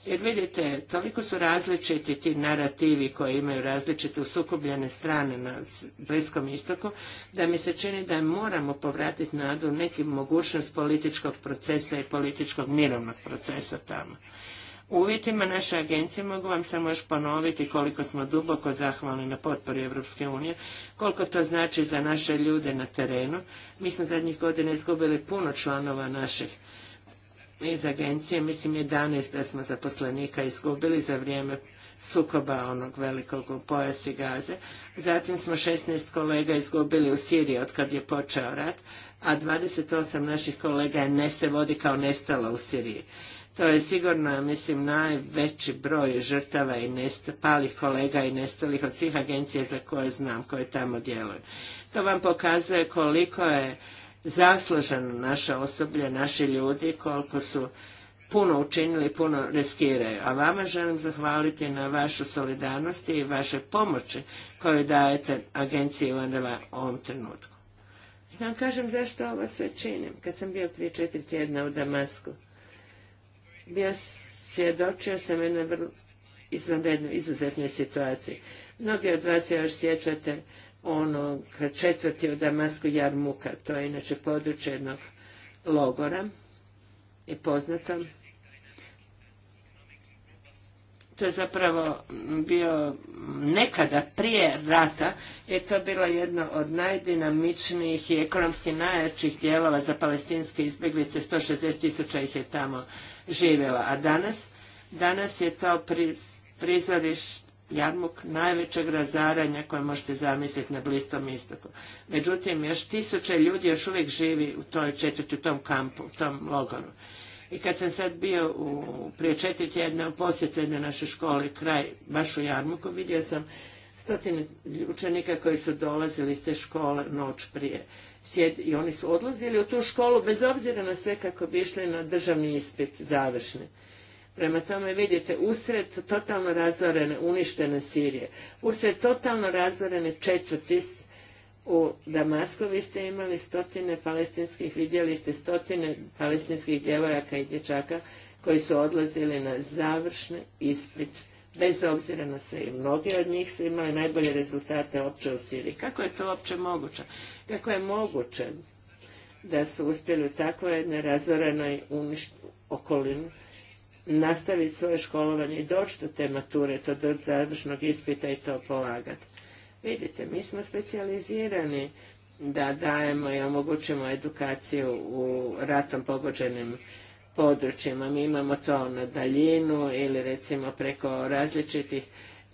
Jer vidite, toliko su različiti ti narativi koji imaju različite usukobljene strane na Bliskom istoku, da mi se čini da moramo povratiti nadu nekim mogućnost političkog procesa i političkog mirovnog procesa tamo. U uvjetima naše agencije mogu vam samo još ponoviti koliko smo duboko zahvalni na potpori Europske unije, koliko to znači za naše ljude na terenu. Mi smo zadnjih godina izgubili puno članova naših iz agencije, mislim 11 da smo zaposlenika izgubili za vrijeme sukoba onog velikog u pojasi gaze. Zatim smo 16 kolega izgubili u Siriji od kad je počeo rat, a 28 naših kolega ne se vodi kao nestala u Siriji. To je sigurno, ja mislim, najveći broj žrtava i palih kolega i nestalih od svih agencija za koje znam, koje tamo djeluju. To vam pokazuje koliko je zasluženo naše osoblje, naši ljudi, koliko su puno učinili, puno riskiraju. A vama želim zahvaliti na vašu solidarnosti i vaše pomoći koju dajete agenciji UNRWA u ovom trenutku. I vam kažem zašto ovo sve činim. Kad sam bio prije četiri tjedna u Damasku, ja svjedočio sam jednoj vrlo izuzetnoj situaciji. Mnogi od vas još sjećate ono četvrti u Damasku Jarmuka, to je inače područje jednog logora i poznatom to je zapravo bio nekada prije rata, je to bilo jedno od najdinamičnijih i ekonomski najjačih dijelova za palestinske izbjeglice, 160 tisuća ih je tamo živjelo. A danas, danas je to priz, prizoriš Jarmuk najvećeg razaranja koje možete zamisliti na Blistom istoku. Međutim, još tisuće ljudi još uvijek živi u toj četvrti, u tom kampu, u tom logoru. I kad sam sad bio u, prije četiri tjedna u posjetu jedne naše škole, kraj, baš u Jarmuku, vidio sam stotine učenika koji su dolazili iz te škole noć prije. Sjed, I oni su odlazili u tu školu bez obzira na sve kako bi išli na državni ispit završni. Prema tome vidite, usred totalno razorene, uništene Sirije, usred totalno razorene četvrti u Damasku vi ste imali stotine palestinskih, vidjeli ste stotine palestinskih djevojaka i dječaka koji su odlazili na završni ispit, bez obzira na sve. I mnogi od njih su imali najbolje rezultate opće u Siriji. Kako je to opće moguće? Kako je moguće da su uspjeli u takvoj jednoj razorenoj okolini nastaviti svoje školovanje i doći do te mature, to do završnog ispita i to polagati? Vidite, mi smo specijalizirani da dajemo i omogućimo edukaciju u ratom pogođenim područjima. Mi imamo to na daljinu ili recimo preko različitih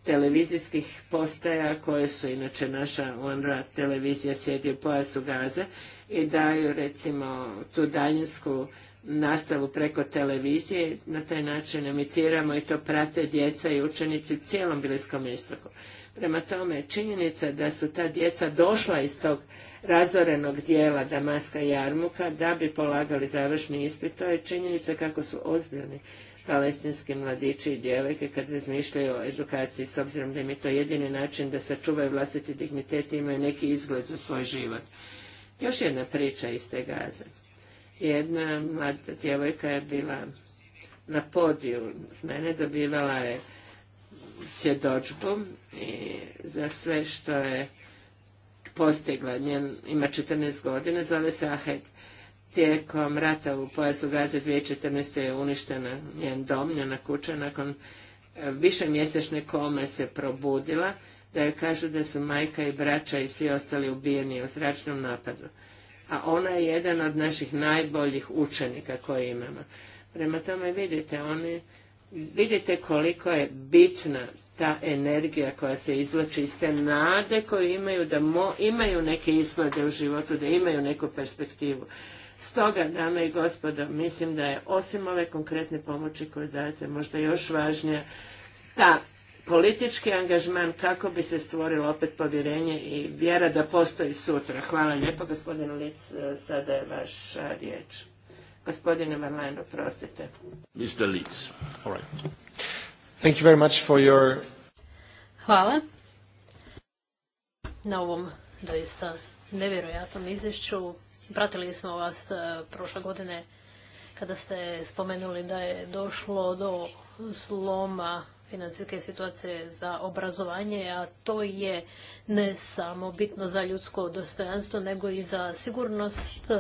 televizijskih postaja koje su inače naša UNRWA televizija sjedi u pojasu Gaze i daju recimo tu daljinsku nastavu preko televizije. Na taj način emitiramo i to prate djeca i učenici cijelom Bliskom istoku. Prema tome, činjenica da su ta djeca došla iz tog razorenog dijela Damaska i Jarmuka da bi polagali završni ispit, to je činjenica kako su ozbiljni palestinski mladići i djevojke kad razmišljaju o edukaciji, s obzirom da im je to jedini način da sačuvaju vlastiti dignitet i imaju neki izgled za svoj život. Još jedna priča iz te gaze. Jedna mlada djevojka je bila na podiju s mene, dobivala je svjedočbu i za sve što je postigla. Njen ima 14 godina, zove se Ahed. Tijekom rata u pojasu Gaze 2014. je uništena njen dom, njena kuća. Nakon e, više mjesečne kome se probudila, da joj kažu da su majka i braća i svi ostali ubijeni u zračnom napadu a ona je jedan od naših najboljih učenika koje imamo. Prema tome vidite, oni, vidite koliko je bitna ta energija koja se izvlači iz te nade koju imaju da imaju neke izglede u životu, da imaju neku perspektivu. Stoga, dame i gospodo, mislim da je osim ove konkretne pomoći koju dajete možda još važnija ta politički angažman kako bi se stvorilo opet povjerenje i vjera da postoji sutra. Hvala lijepo, gospodine Lic, e, sada je vaša riječ. Gospodine Marlajn, oprostite. Mr. Lic, all right. Thank you very much for your... Hvala na ovom doista nevjerojatnom izvješću. Pratili smo vas e, prošle godine kada ste spomenuli da je došlo do sloma financijske situacije za obrazovanje, a to je ne samo bitno za ljudsko dostojanstvo, nego i za sigurnost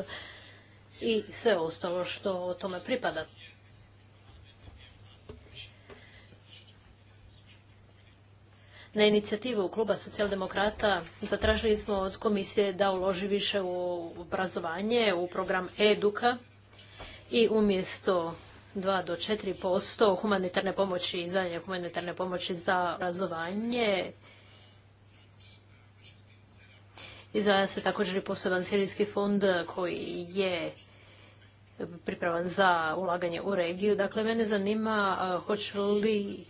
i sve ostalo što o tome pripada. Na inicijativu Kluba socijaldemokrata zatražili smo od komisije da uloži više u obrazovanje, u program EDUKA i umjesto 2 do 4% humanitarne pomoći i humanitarne pomoći za obrazovanje. za se također i poseban sirijski fond koji je pripravan za ulaganje u regiju. Dakle, mene zanima hoće li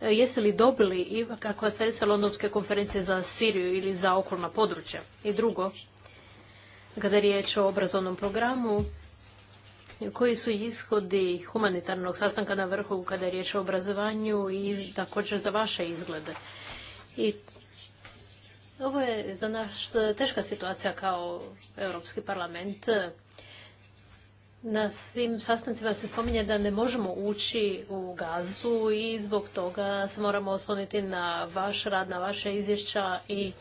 jesu li dobili i kakva sredstva Londonske konferencije za Siriju ili za okolna područja? I drugo, kada je riječ o obrazovnom programu, koji su ishodi humanitarnog sastanka na vrhu kada je riječ o obrazovanju i također za vaše izglede. I ovo je za naš teška situacija kao Europski parlament. Na svim sastancima se spominje da ne možemo ući u gazu i zbog toga se moramo osloniti na vaš rad, na vaše izvješća i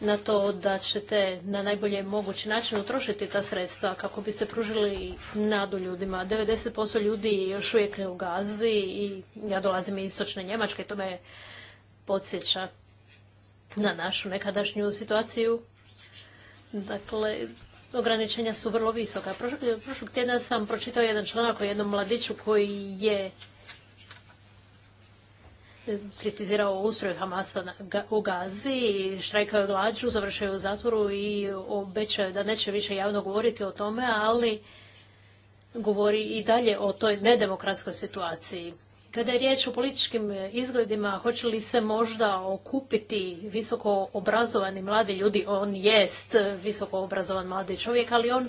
na to da ćete na najbolji mogući način utrošiti ta sredstva kako biste pružili nadu ljudima. 90% ljudi još uvijek je u Gazi i ja dolazim iz istočne Njemačke, to me podsjeća na našu nekadašnju situaciju. Dakle, ograničenja su vrlo visoka. Prošlog tjedna sam pročitao jedan članak o jednom mladiću koji je kritizirao ustroj Hamasa u Gazi i štrajkao je glađu, završio je u zatvoru i obećao da neće više javno govoriti o tome, ali govori i dalje o toj nedemokratskoj situaciji. Kada je riječ o političkim izgledima, hoće li se možda okupiti visoko obrazovani mladi ljudi? On jest visoko obrazovan mladi čovjek, ali on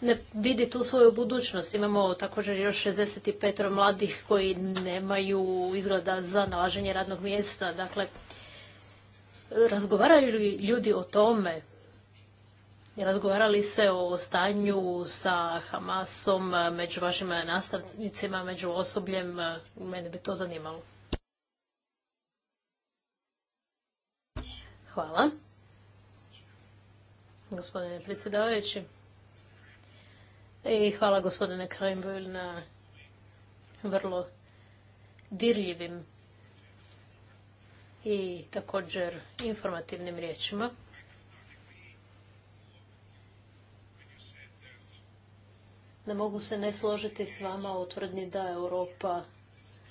ne vidi tu svoju budućnost. Imamo također još 65 mladih koji nemaju izgleda za nalaženje radnog mjesta. Dakle, razgovaraju li ljudi o tome? Razgovarali se o stanju sa Hamasom, među vašim nastavnicima, među osobljem? Mene bi to zanimalo. Hvala. Gospodine predsjedavajući. I hvala gospodine Krajmbil na vrlo dirljivim i također informativnim riječima. Ne mogu se ne složiti s vama u tvrdnji da Europa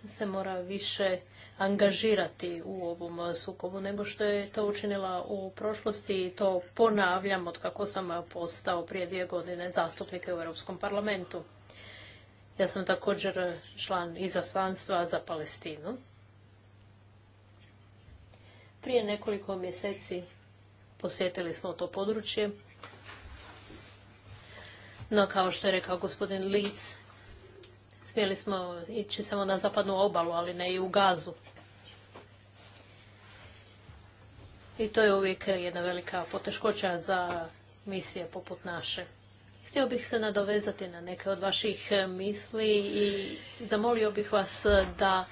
se mora više angažirati u ovom sukobu nego što je to učinila u prošlosti i to ponavljam od kako sam postao prije dvije godine zastupnika u Europskom parlamentu. Ja sam također član izaslanstva za Palestinu. Prije nekoliko mjeseci posjetili smo to područje. No, kao što je rekao gospodin Lic, smjeli smo ići samo na zapadnu obalu, ali ne i u gazu. I to je uvijek jedna velika poteškoća za misije poput naše. Htio bih se nadovezati na neke od vaših e, misli i zamolio bih vas e, da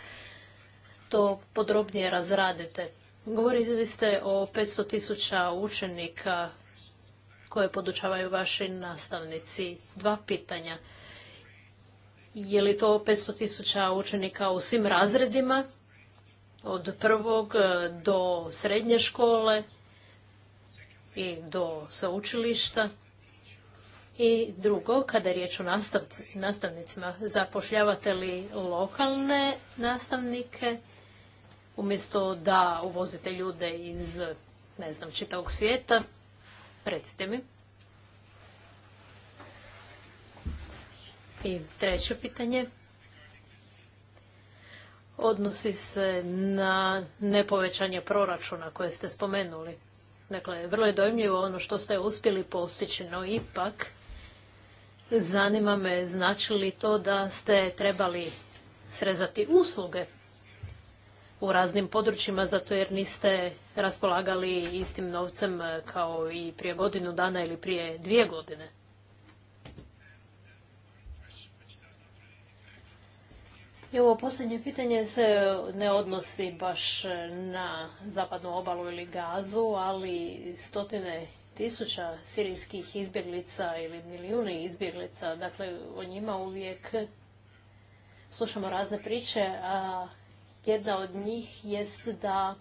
to podrobnije razradite. Govorili ste o 500 tisuća učenika koje podučavaju vaši nastavnici. Dva pitanja. Je li to 500 tisuća učenika u svim razredima od prvog e, do srednje škole i do sveučilišta. I drugo, kada je riječ o nastavnicima, zapošljavate li lokalne nastavnike umjesto da uvozite ljude iz, ne znam, čitavog svijeta? Recite mi. I treće pitanje odnosi se na nepovećanje proračuna koje ste spomenuli. Dakle, vrlo je dojmljivo ono što ste uspjeli postići, no ipak zanima me znači li to da ste trebali srezati usluge u raznim područjima zato jer niste raspolagali istim novcem kao i prije godinu dana ili prije dvije godine. I ovo posljednje pitanje se ne odnosi baš na zapadnu obalu ili gazu, ali stotine tisuća sirijskih izbjeglica ili milijuni izbjeglica, dakle o njima uvijek slušamo razne priče, a jedna od njih jest da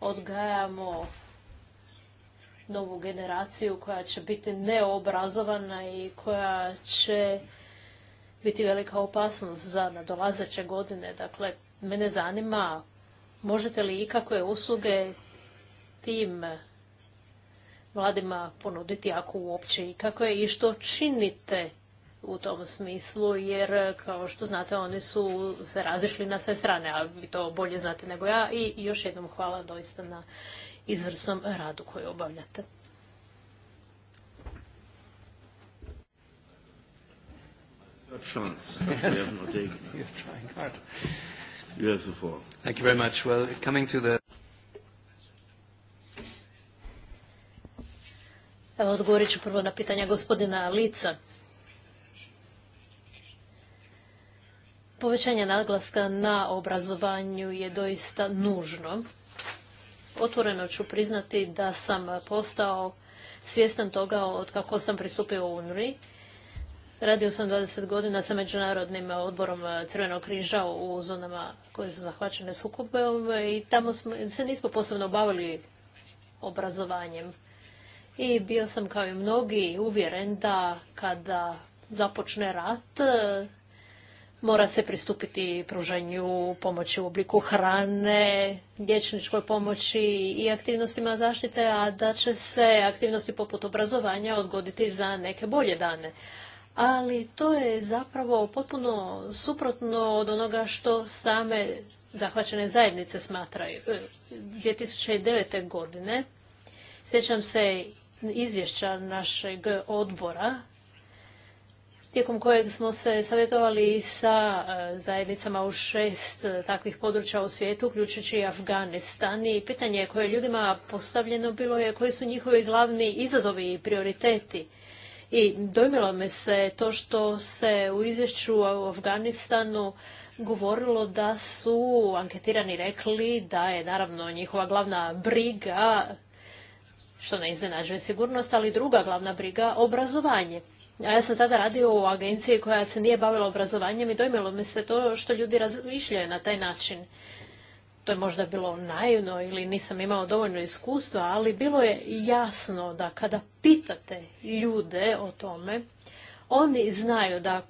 odgajamo novu generaciju koja će biti neobrazovana i koja će biti velika opasnost za nadolazeće godine. Dakle, mene zanima možete li ikakve usluge tim mladima ponuditi, ako uopće ikakve, i što činite u tom smislu, jer kao što znate oni su se razišli na sve strane, a vi to bolje znate nego ja. I još jednom hvala doista na izvrsnom radu koji obavljate. chance. Evo, odgovorit ću prvo na pitanja gospodina Lica. Povećanje naglaska na obrazovanju je doista nužno. Otvoreno ću priznati da sam postao svjestan toga od kako sam pristupio u UNRI Radio sam 20 godina sa Međunarodnim eh, odborom eh, Crvenog križa u zonama koje su zahvaćene sukobom i tamo smo, se nismo posebno bavili obrazovanjem. I bio sam kao i mnogi uvjeren da kada započne rat eh, mora se pristupiti pružanju pomoći u obliku hrane, liječničkoj pomoći i aktivnostima zaštite, a da će se aktivnosti poput obrazovanja odgoditi za neke bolje dane ali to je zapravo potpuno suprotno od onoga što same zahvaćene zajednice smatraju. 2009. E, godine sjećam se izvješća našeg odbora tijekom kojeg smo se savjetovali sa e, zajednicama u šest e, takvih područja u svijetu, uključujući Afganistan. I pitanje koje je ljudima postavljeno bilo je koji su njihovi glavni izazovi i prioriteti. I dojmilo me se to što se u izvješću u Afganistanu govorilo da su anketirani rekli da je naravno njihova glavna briga, što ne iznenađuje sigurnost, ali druga glavna briga obrazovanje. A ja sam tada radio u agenciji koja se nije bavila obrazovanjem i dojmilo me se to što ljudi razmišljaju na taj način to je možda bilo naivno ili nisam imao dovoljno iskustva, ali bilo je jasno da kada pitate ljude o tome, oni znaju da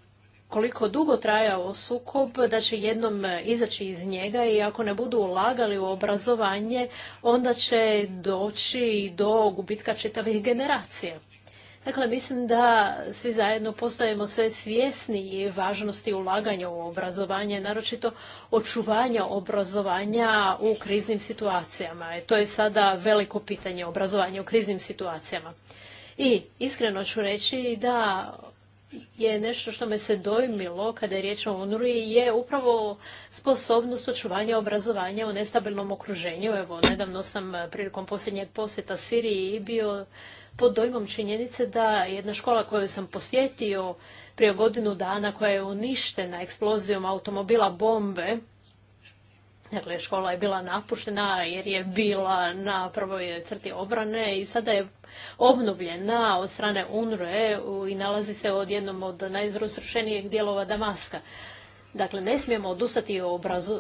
koliko dugo trajao sukob, da će jednom izaći iz njega i ako ne budu ulagali u obrazovanje, onda će doći do gubitka čitavih generacija. Dakle, mislim da svi zajedno postajemo sve svjesni važnosti ulaganja u obrazovanje, naročito očuvanja obrazovanja u kriznim situacijama. E, to je sada veliko pitanje obrazovanja u kriznim situacijama. I iskreno ću reći da je nešto što me se dojmilo kada je riječ o UNRU je upravo sposobnost očuvanja obrazovanja u nestabilnom okruženju. Evo, nedavno sam prilikom posljednjeg posjeta Siriji bio pod dojmom činjenice da jedna škola koju sam posjetio prije godinu dana koja je uništena eksplozijom automobila bombe, dakle škola je bila napuštena jer je bila na prvoj crti obrane i sada je obnovljena od strane UNRWE i nalazi se od jednom od najrozrušenijih dijelova Damaska. Dakle, ne smijemo odustati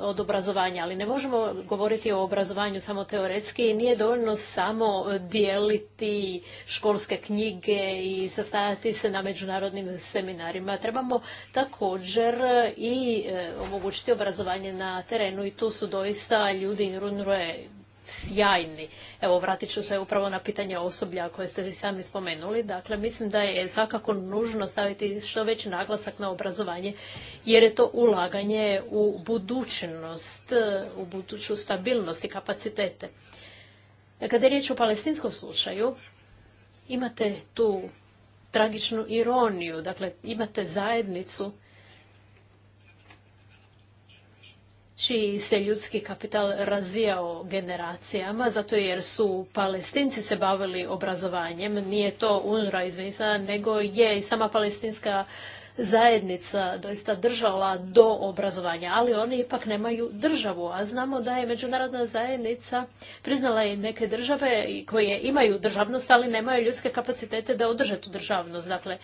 od obrazovanja, ali ne možemo govoriti o obrazovanju samo teoretski. Nije dovoljno samo dijeliti školske knjige i sastajati se na međunarodnim seminarima. Trebamo također i e, omogućiti obrazovanje na terenu i tu su doista ljudi i sjajni. Evo, vratit ću se upravo na pitanje osoblja koje ste vi sami spomenuli. Dakle, mislim da je svakako nužno staviti što veći naglasak na obrazovanje, jer je to ulaganje u budućnost, u buduću stabilnost i kapacitete. Kada je riječ o palestinskom slučaju, imate tu tragičnu ironiju. Dakle, imate zajednicu čiji se ljudski kapital razvijao generacijama, zato jer su palestinci se bavili obrazovanjem. Nije to UNRWA izvisa, nego je i sama palestinska zajednica doista držala do obrazovanja, ali oni ipak nemaju državu, a znamo da je međunarodna zajednica priznala i neke države koje imaju državnost, ali nemaju ljudske kapacitete da održe tu državnost. Dakle,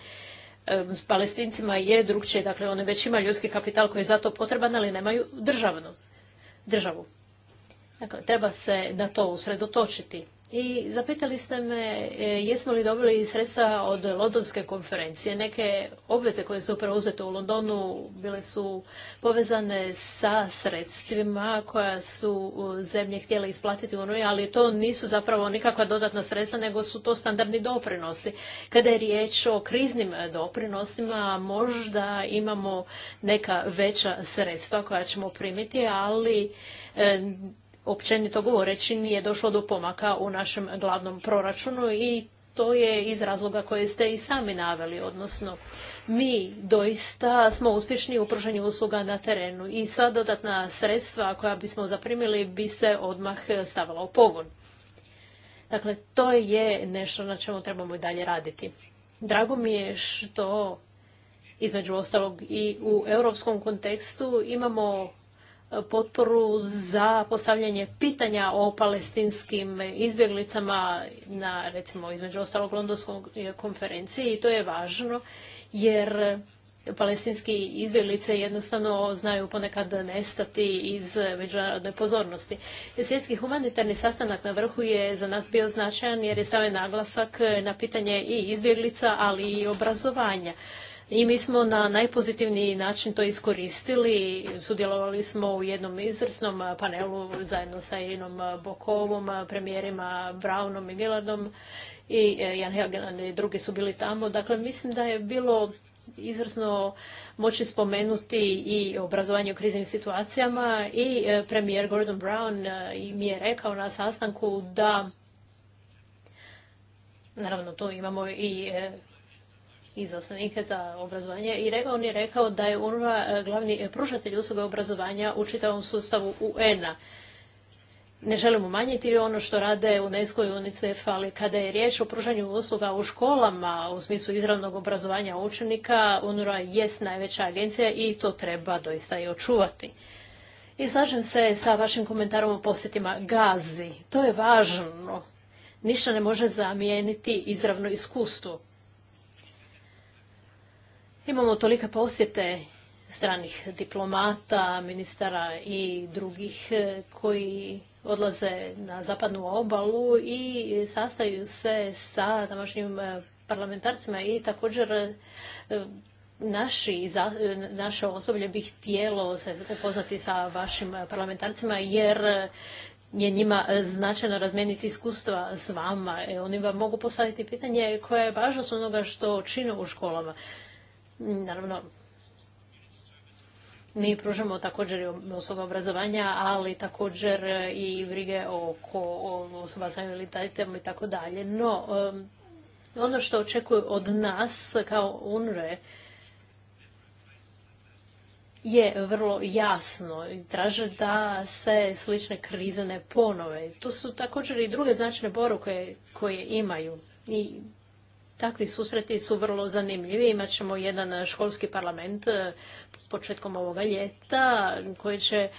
s palestincima je drugčije. Dakle, one već imaju ljudski kapital koji je za to potreban, ali nemaju državnu, državu. Dakle, treba se na to usredotočiti i zapitali ste me e, jesmo li dobili sredstva od Londonske konferencije. Neke obveze koje su preuzete u Londonu bile su povezane sa sredstvima koja su zemlje htjele isplatiti u ali to nisu zapravo nikakva dodatna sredstva, nego su to standardni doprinosi. Kada je riječ o kriznim doprinosima, možda imamo neka veća sredstva koja ćemo primiti, ali e, općenito govoreći nije došlo do pomaka u našem glavnom proračunu i to je iz razloga koje ste i sami naveli, odnosno mi doista smo uspješni u pružanju usluga na terenu i sva dodatna sredstva koja bismo zaprimili bi se odmah stavila u pogon. Dakle, to je nešto na čemu trebamo i dalje raditi. Drago mi je što između ostalog i u europskom kontekstu imamo potporu za postavljanje pitanja o palestinskim izbjeglicama na, recimo, između ostalog londonskoj konferenciji i to je važno jer palestinski izbjeglice jednostavno znaju ponekad nestati iz međunarodne pozornosti. Svjetski humanitarni sastanak na vrhu je za nas bio značajan jer je stavljen naglasak na pitanje i izbjeglica, ali i obrazovanja. I mi smo na najpozitivniji način to iskoristili. Sudjelovali smo u jednom izvrsnom eh, panelu zajedno sa Irinom eh, Bokovom, eh, premijerima Brownom i Millardom i Jan Helgen i drugi su bili tamo. Dakle, mislim da je bilo izvrsno moći spomenuti i obrazovanje u kriznim situacijama i premijer Gordon Brown mi je rekao na sastanku da naravno tu imamo i izaslenike za obrazovanje i rekao, on je rekao da je UNRWA e, glavni e, pružatelj usluga obrazovanja u čitavom sustavu UN-a. Ne želim umanjiti ono što rade UNESCO i UNICEF, ali kada je riječ o pružanju usluga u školama u smislu izravnog obrazovanja učenika, UNRWA jest najveća agencija i to treba doista i očuvati. I slažem se sa vašim komentarom o posjetima Gazi. To je važno. Ništa ne može zamijeniti izravno iskustvo. Imamo tolike posjete stranih diplomata, ministara i drugih e, koji odlaze na zapadnu obalu i sastaju se sa tamošnjim e, parlamentarcima i također e, naši, naše osoblje bi htjelo se upoznati sa vašim parlamentarcima jer je njima značajno razmijeniti iskustva s vama. Oni vam mogu postaviti pitanje koje je važnost onoga što čine u školama. Naravno, mi pružamo također i osoba obrazovanja, ali također i brige oko osoba sa invaliditetom i tako dalje. No, ono što očekuju od nas kao UNRE je vrlo jasno i traže da se slične krize ne ponove. To su također i druge značajne poruke koje imaju i Takvi susreti su vrlo zanimljivi. Imat ćemo jedan školski parlament e, početkom ovoga ljeta koji će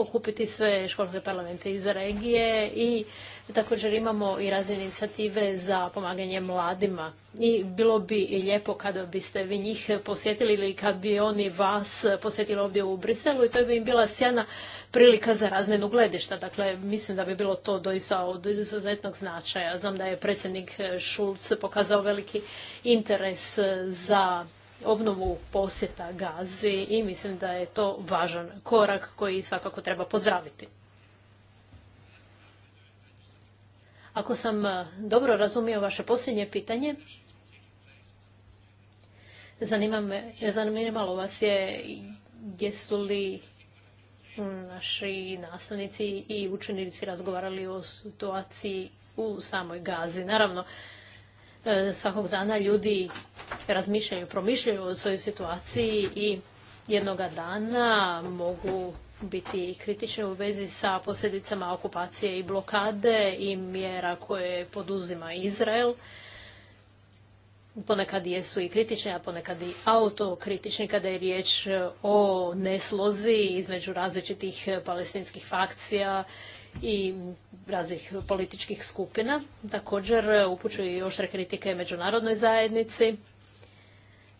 okupiti sve školske parlamente iz regije i također imamo i razne inicijative za pomaganje mladima. I bilo bi lijepo kada biste vi njih posjetili ili kad bi oni vas posjetili ovdje u Briselu i to bi im bila sjajna prilika za razmenu gledišta. Dakle, mislim da bi bilo to doista od izuzetnog značaja. Znam da je predsjednik Šulc pokazao veliki interes za obnovu posjeta Gazi i mislim da je to važan korak koji svakako treba pozdraviti. Ako sam e, dobro razumio vaše posljednje pitanje, zanima me, zanimalo vas je jesu li mm, naši nastavnici i učenici razgovarali o situaciji u samoj Gazi. Naravno, E, svakog dana ljudi razmišljaju, promišljaju o svojoj situaciji i jednoga dana mogu biti kritični u vezi sa posljedicama okupacije i blokade i mjera koje poduzima Izrael. Ponekad jesu i kritični, a ponekad i autokritični kada je riječ o neslozi između različitih palestinskih fakcija i raznih političkih skupina. Također upućuju i oštre kritike međunarodnoj zajednici,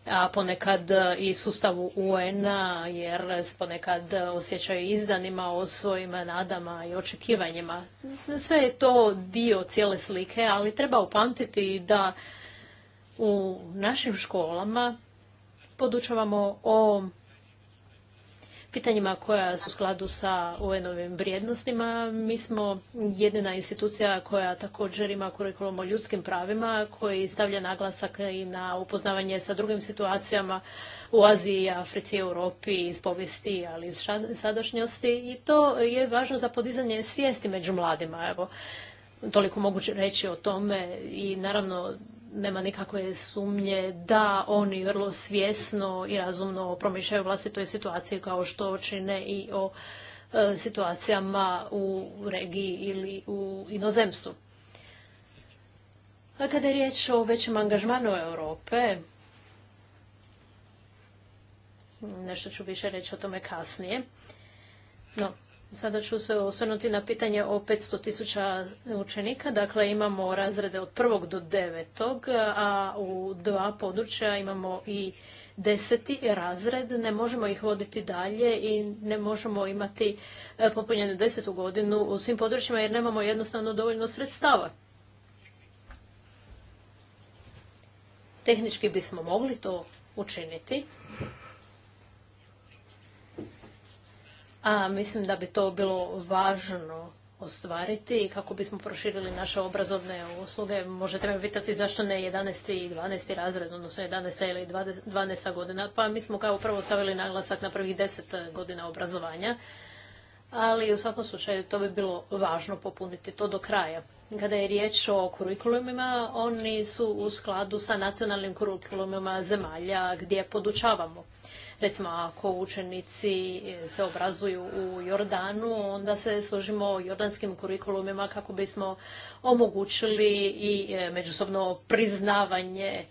a ponekad i sustavu UN-a jer se ponekad osjećaju izdanima o svojim nadama i očekivanjima. Sve je to dio cijele slike, ali treba upamtiti da u našim školama podučavamo o pitanjima koja su u skladu sa UN-ovim vrijednostima. Mi smo jedina institucija koja također ima kurikulum o ljudskim pravima koji stavlja naglasak i na upoznavanje sa drugim situacijama u Aziji, Africi, Europi, iz povijesti, ali iz sadašnjosti. I to je važno za podizanje svijesti među mladima. Evo, toliko moguće reći o tome i naravno nema nikakve sumnje da oni vrlo svjesno i razumno promišljaju vlastitoj situaciji kao što čine i o e, situacijama u regiji ili u inozemstvu. A kada je riječ o većem angažmanu Europe, nešto ću više reći o tome kasnije, no, Sada ću se osvrnuti na pitanje o 500 tisuća učenika. Dakle, imamo razrede od prvog do devetog, a u dva područja imamo i deseti razred. Ne možemo ih voditi dalje i ne možemo imati e, popunjenu desetu godinu u svim područjima jer nemamo jednostavno dovoljno sredstava. Tehnički bismo mogli to učiniti, a mislim da bi to bilo važno ostvariti i kako bismo proširili naše obrazovne usluge. Možete me pitati zašto ne 11. i 12. razred, odnosno 11. ili 12. godina. Pa mi smo kao prvo stavili naglasak na prvih 10 godina obrazovanja, ali u svakom slučaju to bi bilo važno popuniti to do kraja. Kada je riječ o kurikulumima, oni su u skladu sa nacionalnim kurikulumima zemalja gdje podučavamo. Recimo, ako učenici e, se obrazuju u Jordanu, onda se složimo jordanskim kurikulumima kako bismo omogućili i e, međusobno priznavanje e,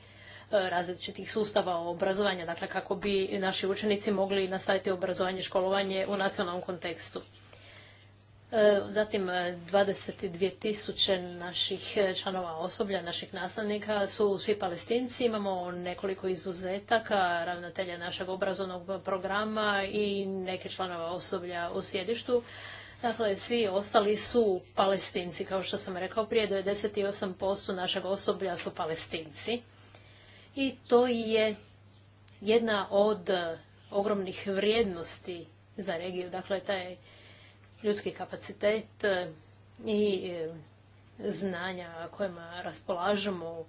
različitih sustava obrazovanja, dakle kako bi naši učenici mogli nastaviti obrazovanje i školovanje u nacionalnom kontekstu. E, zatim 22 e, tisuće naših e, članova osoblja, naših nastavnika su svi palestinci. Imamo nekoliko izuzetaka, ravnatelja našeg obrazovnog programa i neke članova osoblja u sjedištu. Dakle, svi ostali su palestinci, kao što sam rekao prije, 98% našeg osoblja su palestinci. I to je jedna od ogromnih vrijednosti za regiju. Dakle, taj ljudski kapacitet e, i e, znanja kojima raspolažemo.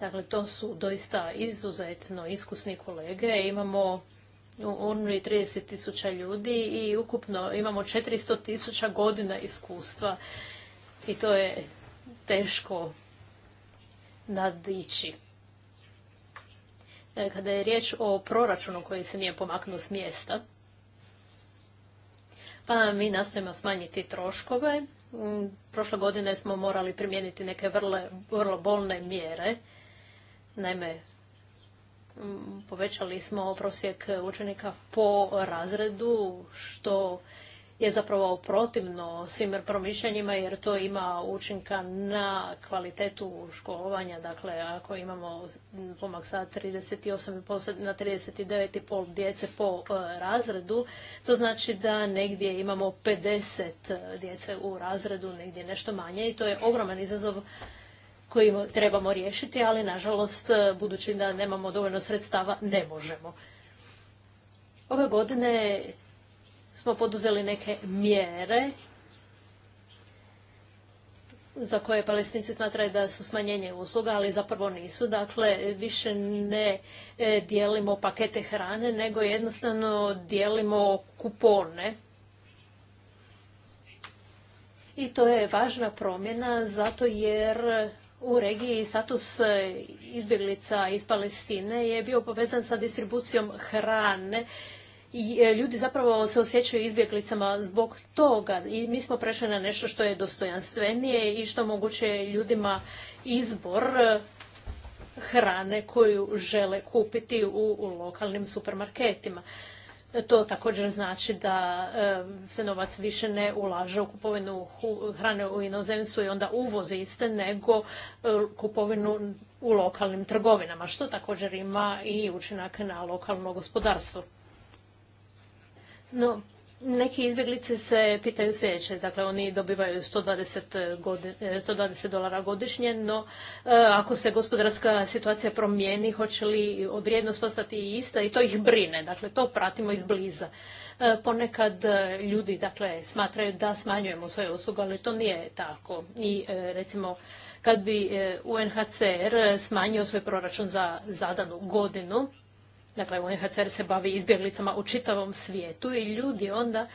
Dakle, to su doista izuzetno iskusni kolege. Imamo u UNRI 30 tisuća ljudi i ukupno imamo 400 tisuća godina iskustva i to je teško nadići. E, kada je riječ o proračunu koji se nije pomaknuo s mjesta, pa mi nastojimo smanjiti troškove. Mm, prošle godine smo morali primijeniti neke vrlo, vrlo bolne mjere. Naime, mm, povećali smo prosjek učenika po razredu, što je zapravo protivno svim promišljanjima jer to ima učinka na kvalitetu školovanja. Dakle, ako imamo pomak sa 38 na 39,5 djece po e, razredu, to znači da negdje imamo 50 e, djece u razredu, negdje nešto manje i to je ogroman izazov koji trebamo riješiti, ali nažalost, e, budući da nemamo dovoljno sredstava, ne možemo. Ove godine smo poduzeli neke mjere za koje palestinci smatraju da su smanjenje usluga, ali zapravo nisu. Dakle, više ne e, dijelimo pakete hrane, nego jednostavno dijelimo kupone. I to je važna promjena zato jer u regiji status izbjeglica iz Palestine je bio povezan sa distribucijom hrane E, ljudi zapravo se osjećaju izbjeglicama zbog toga i mi smo prešli na nešto što je dostojanstvenije i što moguće ljudima izbor e, hrane koju žele kupiti u, lokalnim supermarketima. E, to također znači da se novac više ne ulaže u kupovinu hrane u inozemstvu i onda uvozi iste nego kupovinu u lokalnim trgovinama, što također ima i učinak na lokalno gospodarstvo. No, neki izbjeglice se pitaju sljedeće, dakle oni dobivaju 120, godi, 120 dolara godišnje, no e, ako se gospodarska situacija promijeni, hoće li vrijednost ostati ista i to ih brine, dakle to pratimo izbliza. E, ponekad e, ljudi dakle, smatraju da smanjujemo svoje usluge, ali to nije tako. I recimo kad bi UNHCR smanjio svoj proračun za zadanu godinu, Dakle, UNHCR se bavi izbjeglicama u čitavom svijetu i ljudi onda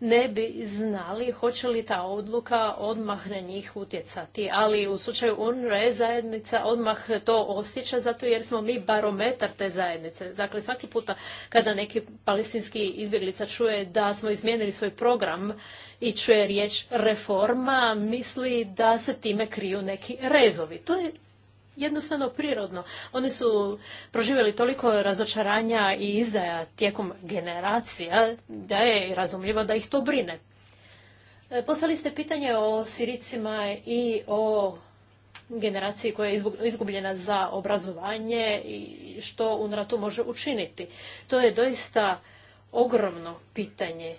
ne bi znali hoće li ta odluka odmah na njih utjecati. Ali u slučaju UNRE zajednica odmah to osjeća zato jer smo mi barometar te zajednice. Dakle, svaki puta kada neki palestinski izbjeglica čuje da smo izmijenili svoj program i čuje riječ reforma, misli da se time kriju neki rezovi. To je jednostavno prirodno. Oni su proživjeli toliko razočaranja i izaja tijekom generacija da je razumljivo da ih to brine. E, poslali ste pitanje o Siricima i o generaciji koja je izgubljena za obrazovanje i što UNRWA tu može učiniti. To je doista ogromno pitanje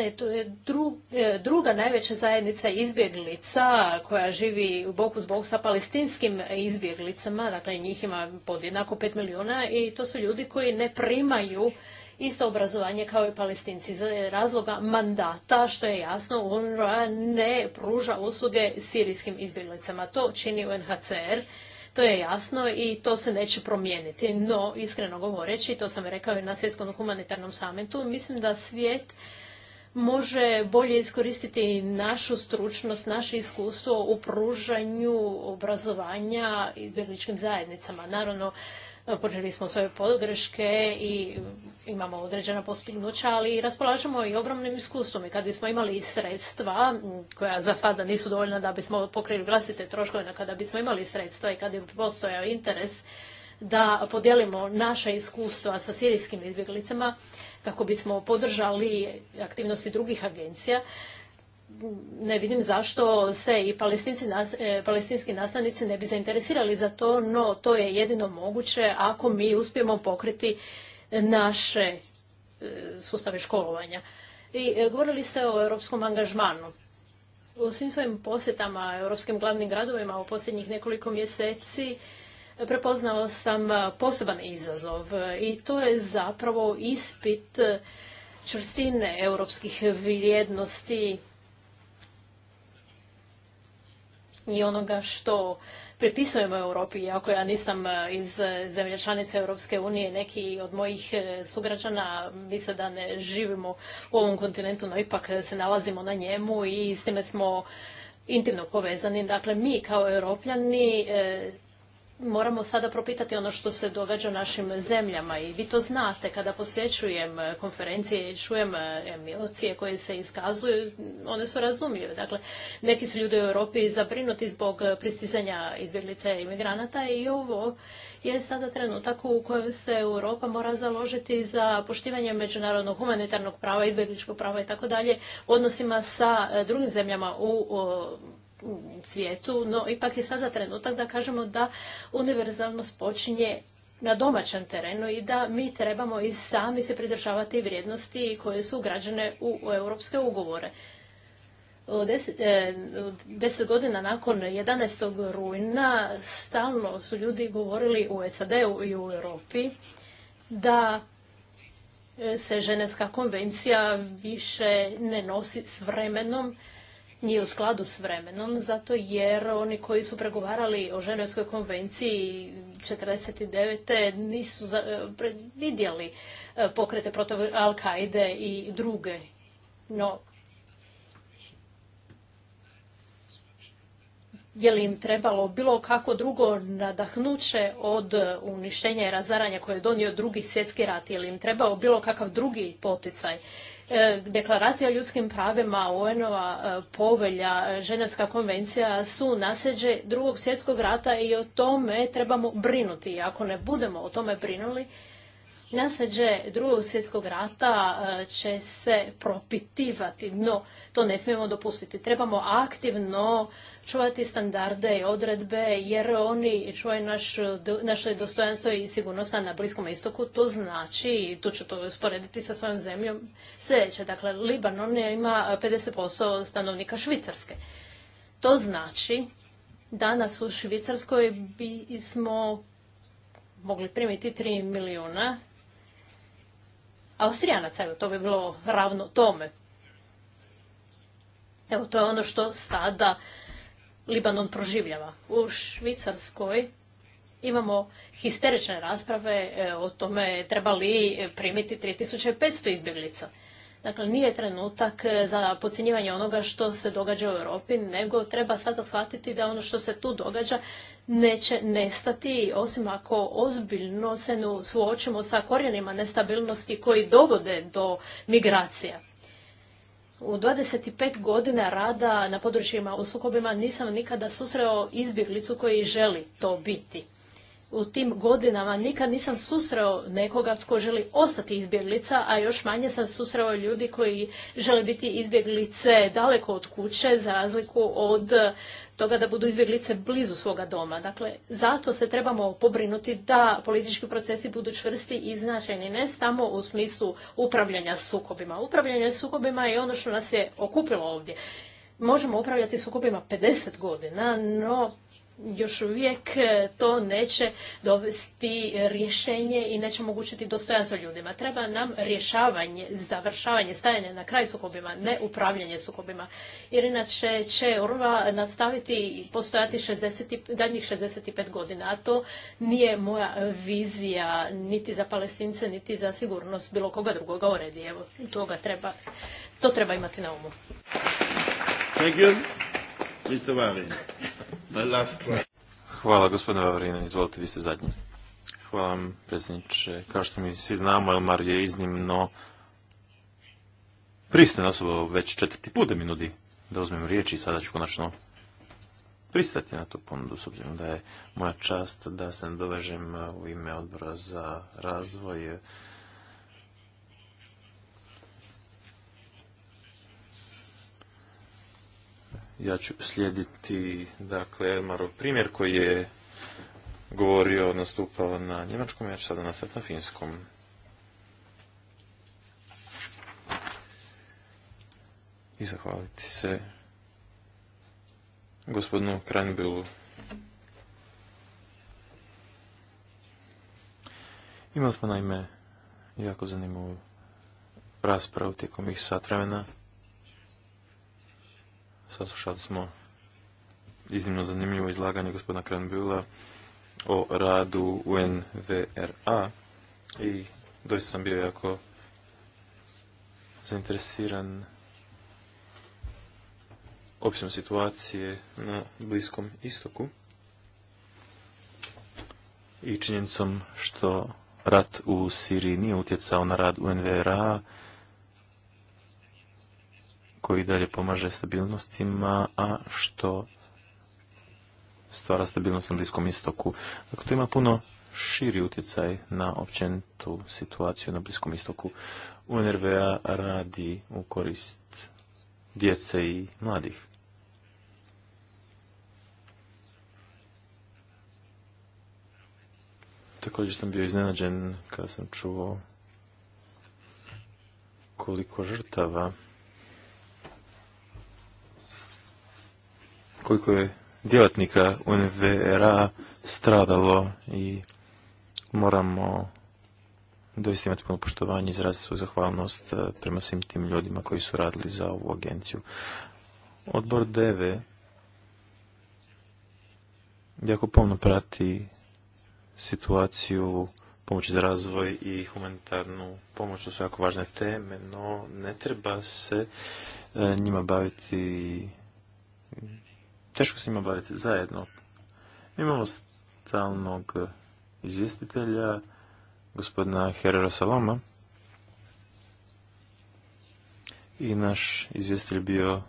je e, druga najveća zajednica izbjeglica koja živi u boku zbog sa palestinskim izbjeglicama, dakle njih ima podjednako 5 milijuna i to su ljudi koji ne primaju isto obrazovanje kao i palestinci za razloga mandata, što je jasno, UNRWA ne pruža usluge sirijskim izbjeglicama. To čini UNHCR. To je jasno i to se neće promijeniti. No, iskreno govoreći, to sam rekao i na svjetskom humanitarnom samitu, mislim da svijet može bolje iskoristiti našu stručnost, naše iskustvo u pružanju obrazovanja izbjegličkim zajednicama. Naravno, počeli smo svoje pogreške i imamo određena postignuća, ali raspolažemo i ogromnim iskustvom. I kad bismo imali sredstva, koja za sada nisu dovoljna da bismo pokrili vlastite troškove, kada bismo imali sredstva i kada bi postojao interes da podijelimo naša iskustva sa sirijskim izbjeglicama kako bismo podržali aktivnosti drugih agencija. Ne vidim zašto se i e, palestinski nastavnici ne bi zainteresirali za to, no to je jedino moguće ako mi uspijemo pokriti naše e, sustave školovanja. I e, govorili ste o europskom angažmanu. U svim svojim posjetama europskim glavnim gradovima u posljednjih nekoliko mjeseci prepoznao sam e, poseban izazov e, i to je zapravo ispit e, čvrstine europskih vrijednosti i onoga što pripisujemo Europi, iako ja nisam iz zemlje članice Europske unije, neki od mojih sugrađana misle da ne živimo u ovom kontinentu, no ipak se nalazimo na njemu i s time smo intimno povezani. Dakle, mi kao europljani moramo sada propitati ono što se događa u našim zemljama i vi to znate kada posjećujem konferencije i čujem eh, emocije koje se iskazuju, one su razumljive. Dakle, neki su ljudi u Europi zabrinuti zbog pristizanja izbjeglica imigranata i ovo je sada trenutak u kojem se Europa mora založiti za poštivanje međunarodnog humanitarnog prava, izbjegličkog prava i tako dalje u odnosima sa eh, drugim zemljama u eh, svijetu, no ipak je sada trenutak da kažemo da univerzalnost počinje na domaćem terenu i da mi trebamo i sami se pridržavati vrijednosti koje su ugrađene u, europske ugovore. E, deset, godina nakon 11. rujna stalno su ljudi govorili u SAD-u i u Europi da e, se ženevska konvencija više ne nosi s vremenom nije u skladu s vremenom, zato jer oni koji su pregovarali o Ženevskoj konvenciji 49. nisu e, predvidjeli e, pokrete protiv Al-Kaide i druge. No, je li im trebalo bilo kako drugo nadahnuće od uništenja i razaranja koje je donio drugi svjetski rat, je li im trebao bilo kakav drugi poticaj. E, Deklaracija o ljudskim pravima, UN-ova e, povelja, e, Ženevska konvencija su naseđe drugog svjetskog rata i o tome trebamo brinuti. Ako ne budemo o tome brinuli, naseđe drugog svjetskog rata će se propitivati, no to ne smijemo dopustiti. Trebamo aktivno čuvati standarde i odredbe jer oni čuvaju naš, naše dostojanstvo i sigurnost na Bliskom istoku. To znači, i tu ću to usporediti sa svojom zemljom, sljedeće. Dakle, Libanon ima 50% stanovnika Švicarske. To znači, danas u Švicarskoj bismo mogli primiti 3 milijuna Austrijanaca, evo, to bi bilo ravno tome. Evo, to je ono što sada Libanon proživljava. U Švicarskoj imamo histerične rasprave e, o tome treba li primiti 3500 izbjeglica. Dakle, nije trenutak e, za podcjenjivanje onoga što se događa u Europi, nego treba sada shvatiti da ono što se tu događa neće nestati, osim ako ozbiljno se ne suočimo sa korijenima nestabilnosti koji dovode do migracija. U 25 godina rada na područjima u sukobima nisam nikada susreo izbjeglicu koji želi to biti u tim godinama nikad nisam susreo nekoga tko želi ostati izbjeglica, a još manje sam susreo ljudi koji žele biti izbjeglice daleko od kuće, za razliku od toga da budu izbjeglice blizu svoga doma. Dakle, zato se trebamo pobrinuti da politički procesi budu čvrsti i značajni, ne samo u smislu upravljanja sukobima. Upravljanje sukobima je ono što nas je okupilo ovdje. Možemo upravljati sukobima 50 godina, no još uvijek e, to neće dovesti rješenje i neće omogućiti dostojanstvo ljudima. Treba nam rješavanje, završavanje, stajanje na kraj sukobima, ne upravljanje sukobima. Jer inače će Urva nastaviti i postojati 60, daljnjih 65 godina. A to nije moja vizija niti za palestince, niti za sigurnost bilo koga drugoga u redi. Evo, toga treba, to treba imati na umu. Thank you. Hvala gospodine Vavrine, izvolite, vi ste zadnji. Hvala vam, predsjedniče. Kao što mi svi znamo, Elmar je iznimno pristojna osoba, već četvrti put da mi nudi da uzmem riječ i sada ću konačno pristati na tu ponudu, s obzirom da je moja čast da se nadovežem u ime odbora za razvoj Ja ću slijediti, dakle, Elmarov primjer koji je govorio, nastupao na njemačkom, ja ću sada nastaviti na finskom. I zahvaliti se gospodinu Kranjbilu. Imali smo naime jako zanimljivu raspravu tijekom ih sat vremena. Saslušali smo iznimno zanimljivo izlaganje gospodina bila o radu UNVRA i doista sam bio jako zainteresiran opisom situacije na Bliskom istoku i činjenicom što rat u Siriji nije utjecao na rad UNVRA koji dalje pomaže stabilnostima, a što stvara stabilnost na Bliskom istoku. Dakle, to ima puno širi utjecaj na općenitu situaciju na Bliskom istoku. UNRWA radi u korist djece i mladih. Također sam bio iznenađen kada sam čuo koliko žrtava koliko je djelatnika UNVRA stradalo i moramo doista imati puno poštovanje i izraziti svoju zahvalnost eh, prema svim tim ljudima koji su radili za ovu agenciju. Odbor DEVE jako pomno prati situaciju pomoći za razvoj i humanitarnu pomoć, to su jako važne teme, no ne treba se eh, njima baviti teško s njima baviti zajedno. Imamo stalnog izvjestitelja, gospodina Herera Saloma. I naš izvjestitelj bio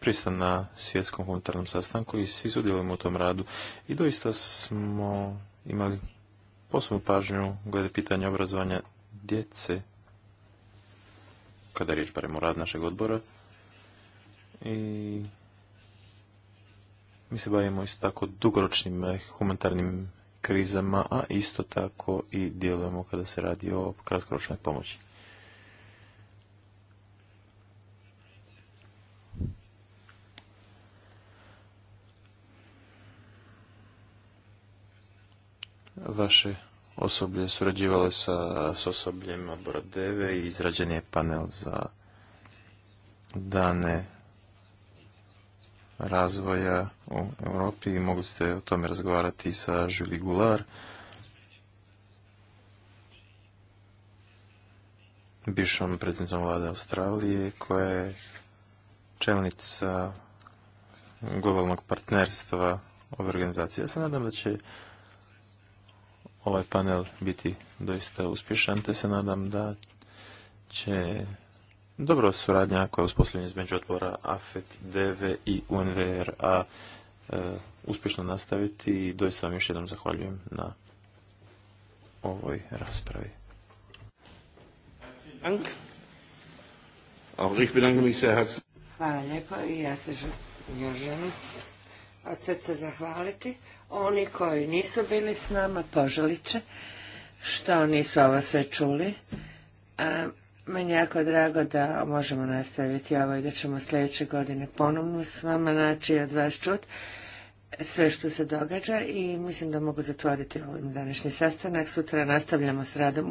pristan na svjetskom humanitarnom sastanku i svi sudjelujemo u tom radu. I doista smo imali posebnu pažnju glede pitanja obrazovanja djece, kada je riječ barem o rad našeg odbora. I mi se bavimo isto tako dugoročnim eh, humanitarnim krizama, a isto tako i djelujemo kada se radi o kratkoročnoj pomoći. Vaše osoblje surađivalo sa, s osobljem Abora i izrađen je panel za dane razvoja u Europi i mogli ste o tome razgovarati sa Julie Goulart, bivšom predsjednicom vlade Australije, koja je čelnica globalnog partnerstva ove organizacije. Ja se nadam da će ovaj panel biti doista uspješan, te se nadam da će dobro suradnja koja je uspostavljena između odbora AFET, DV i UNVRA e, uspješno nastaviti i doista vam još jednom zahvaljujem na ovoj raspravi. Hvala lijepo i ja se želim od srca zahvaliti. Oni koji nisu bili s nama poželit će što nisu ovo sve čuli. Meni je jako drago da možemo nastaviti ovo i da ćemo sljedeće godine ponovno s vama naći od vas čut sve što se događa i mislim da mogu zatvoriti ovim ovaj današnji sastanak. Sutra nastavljamo s radom.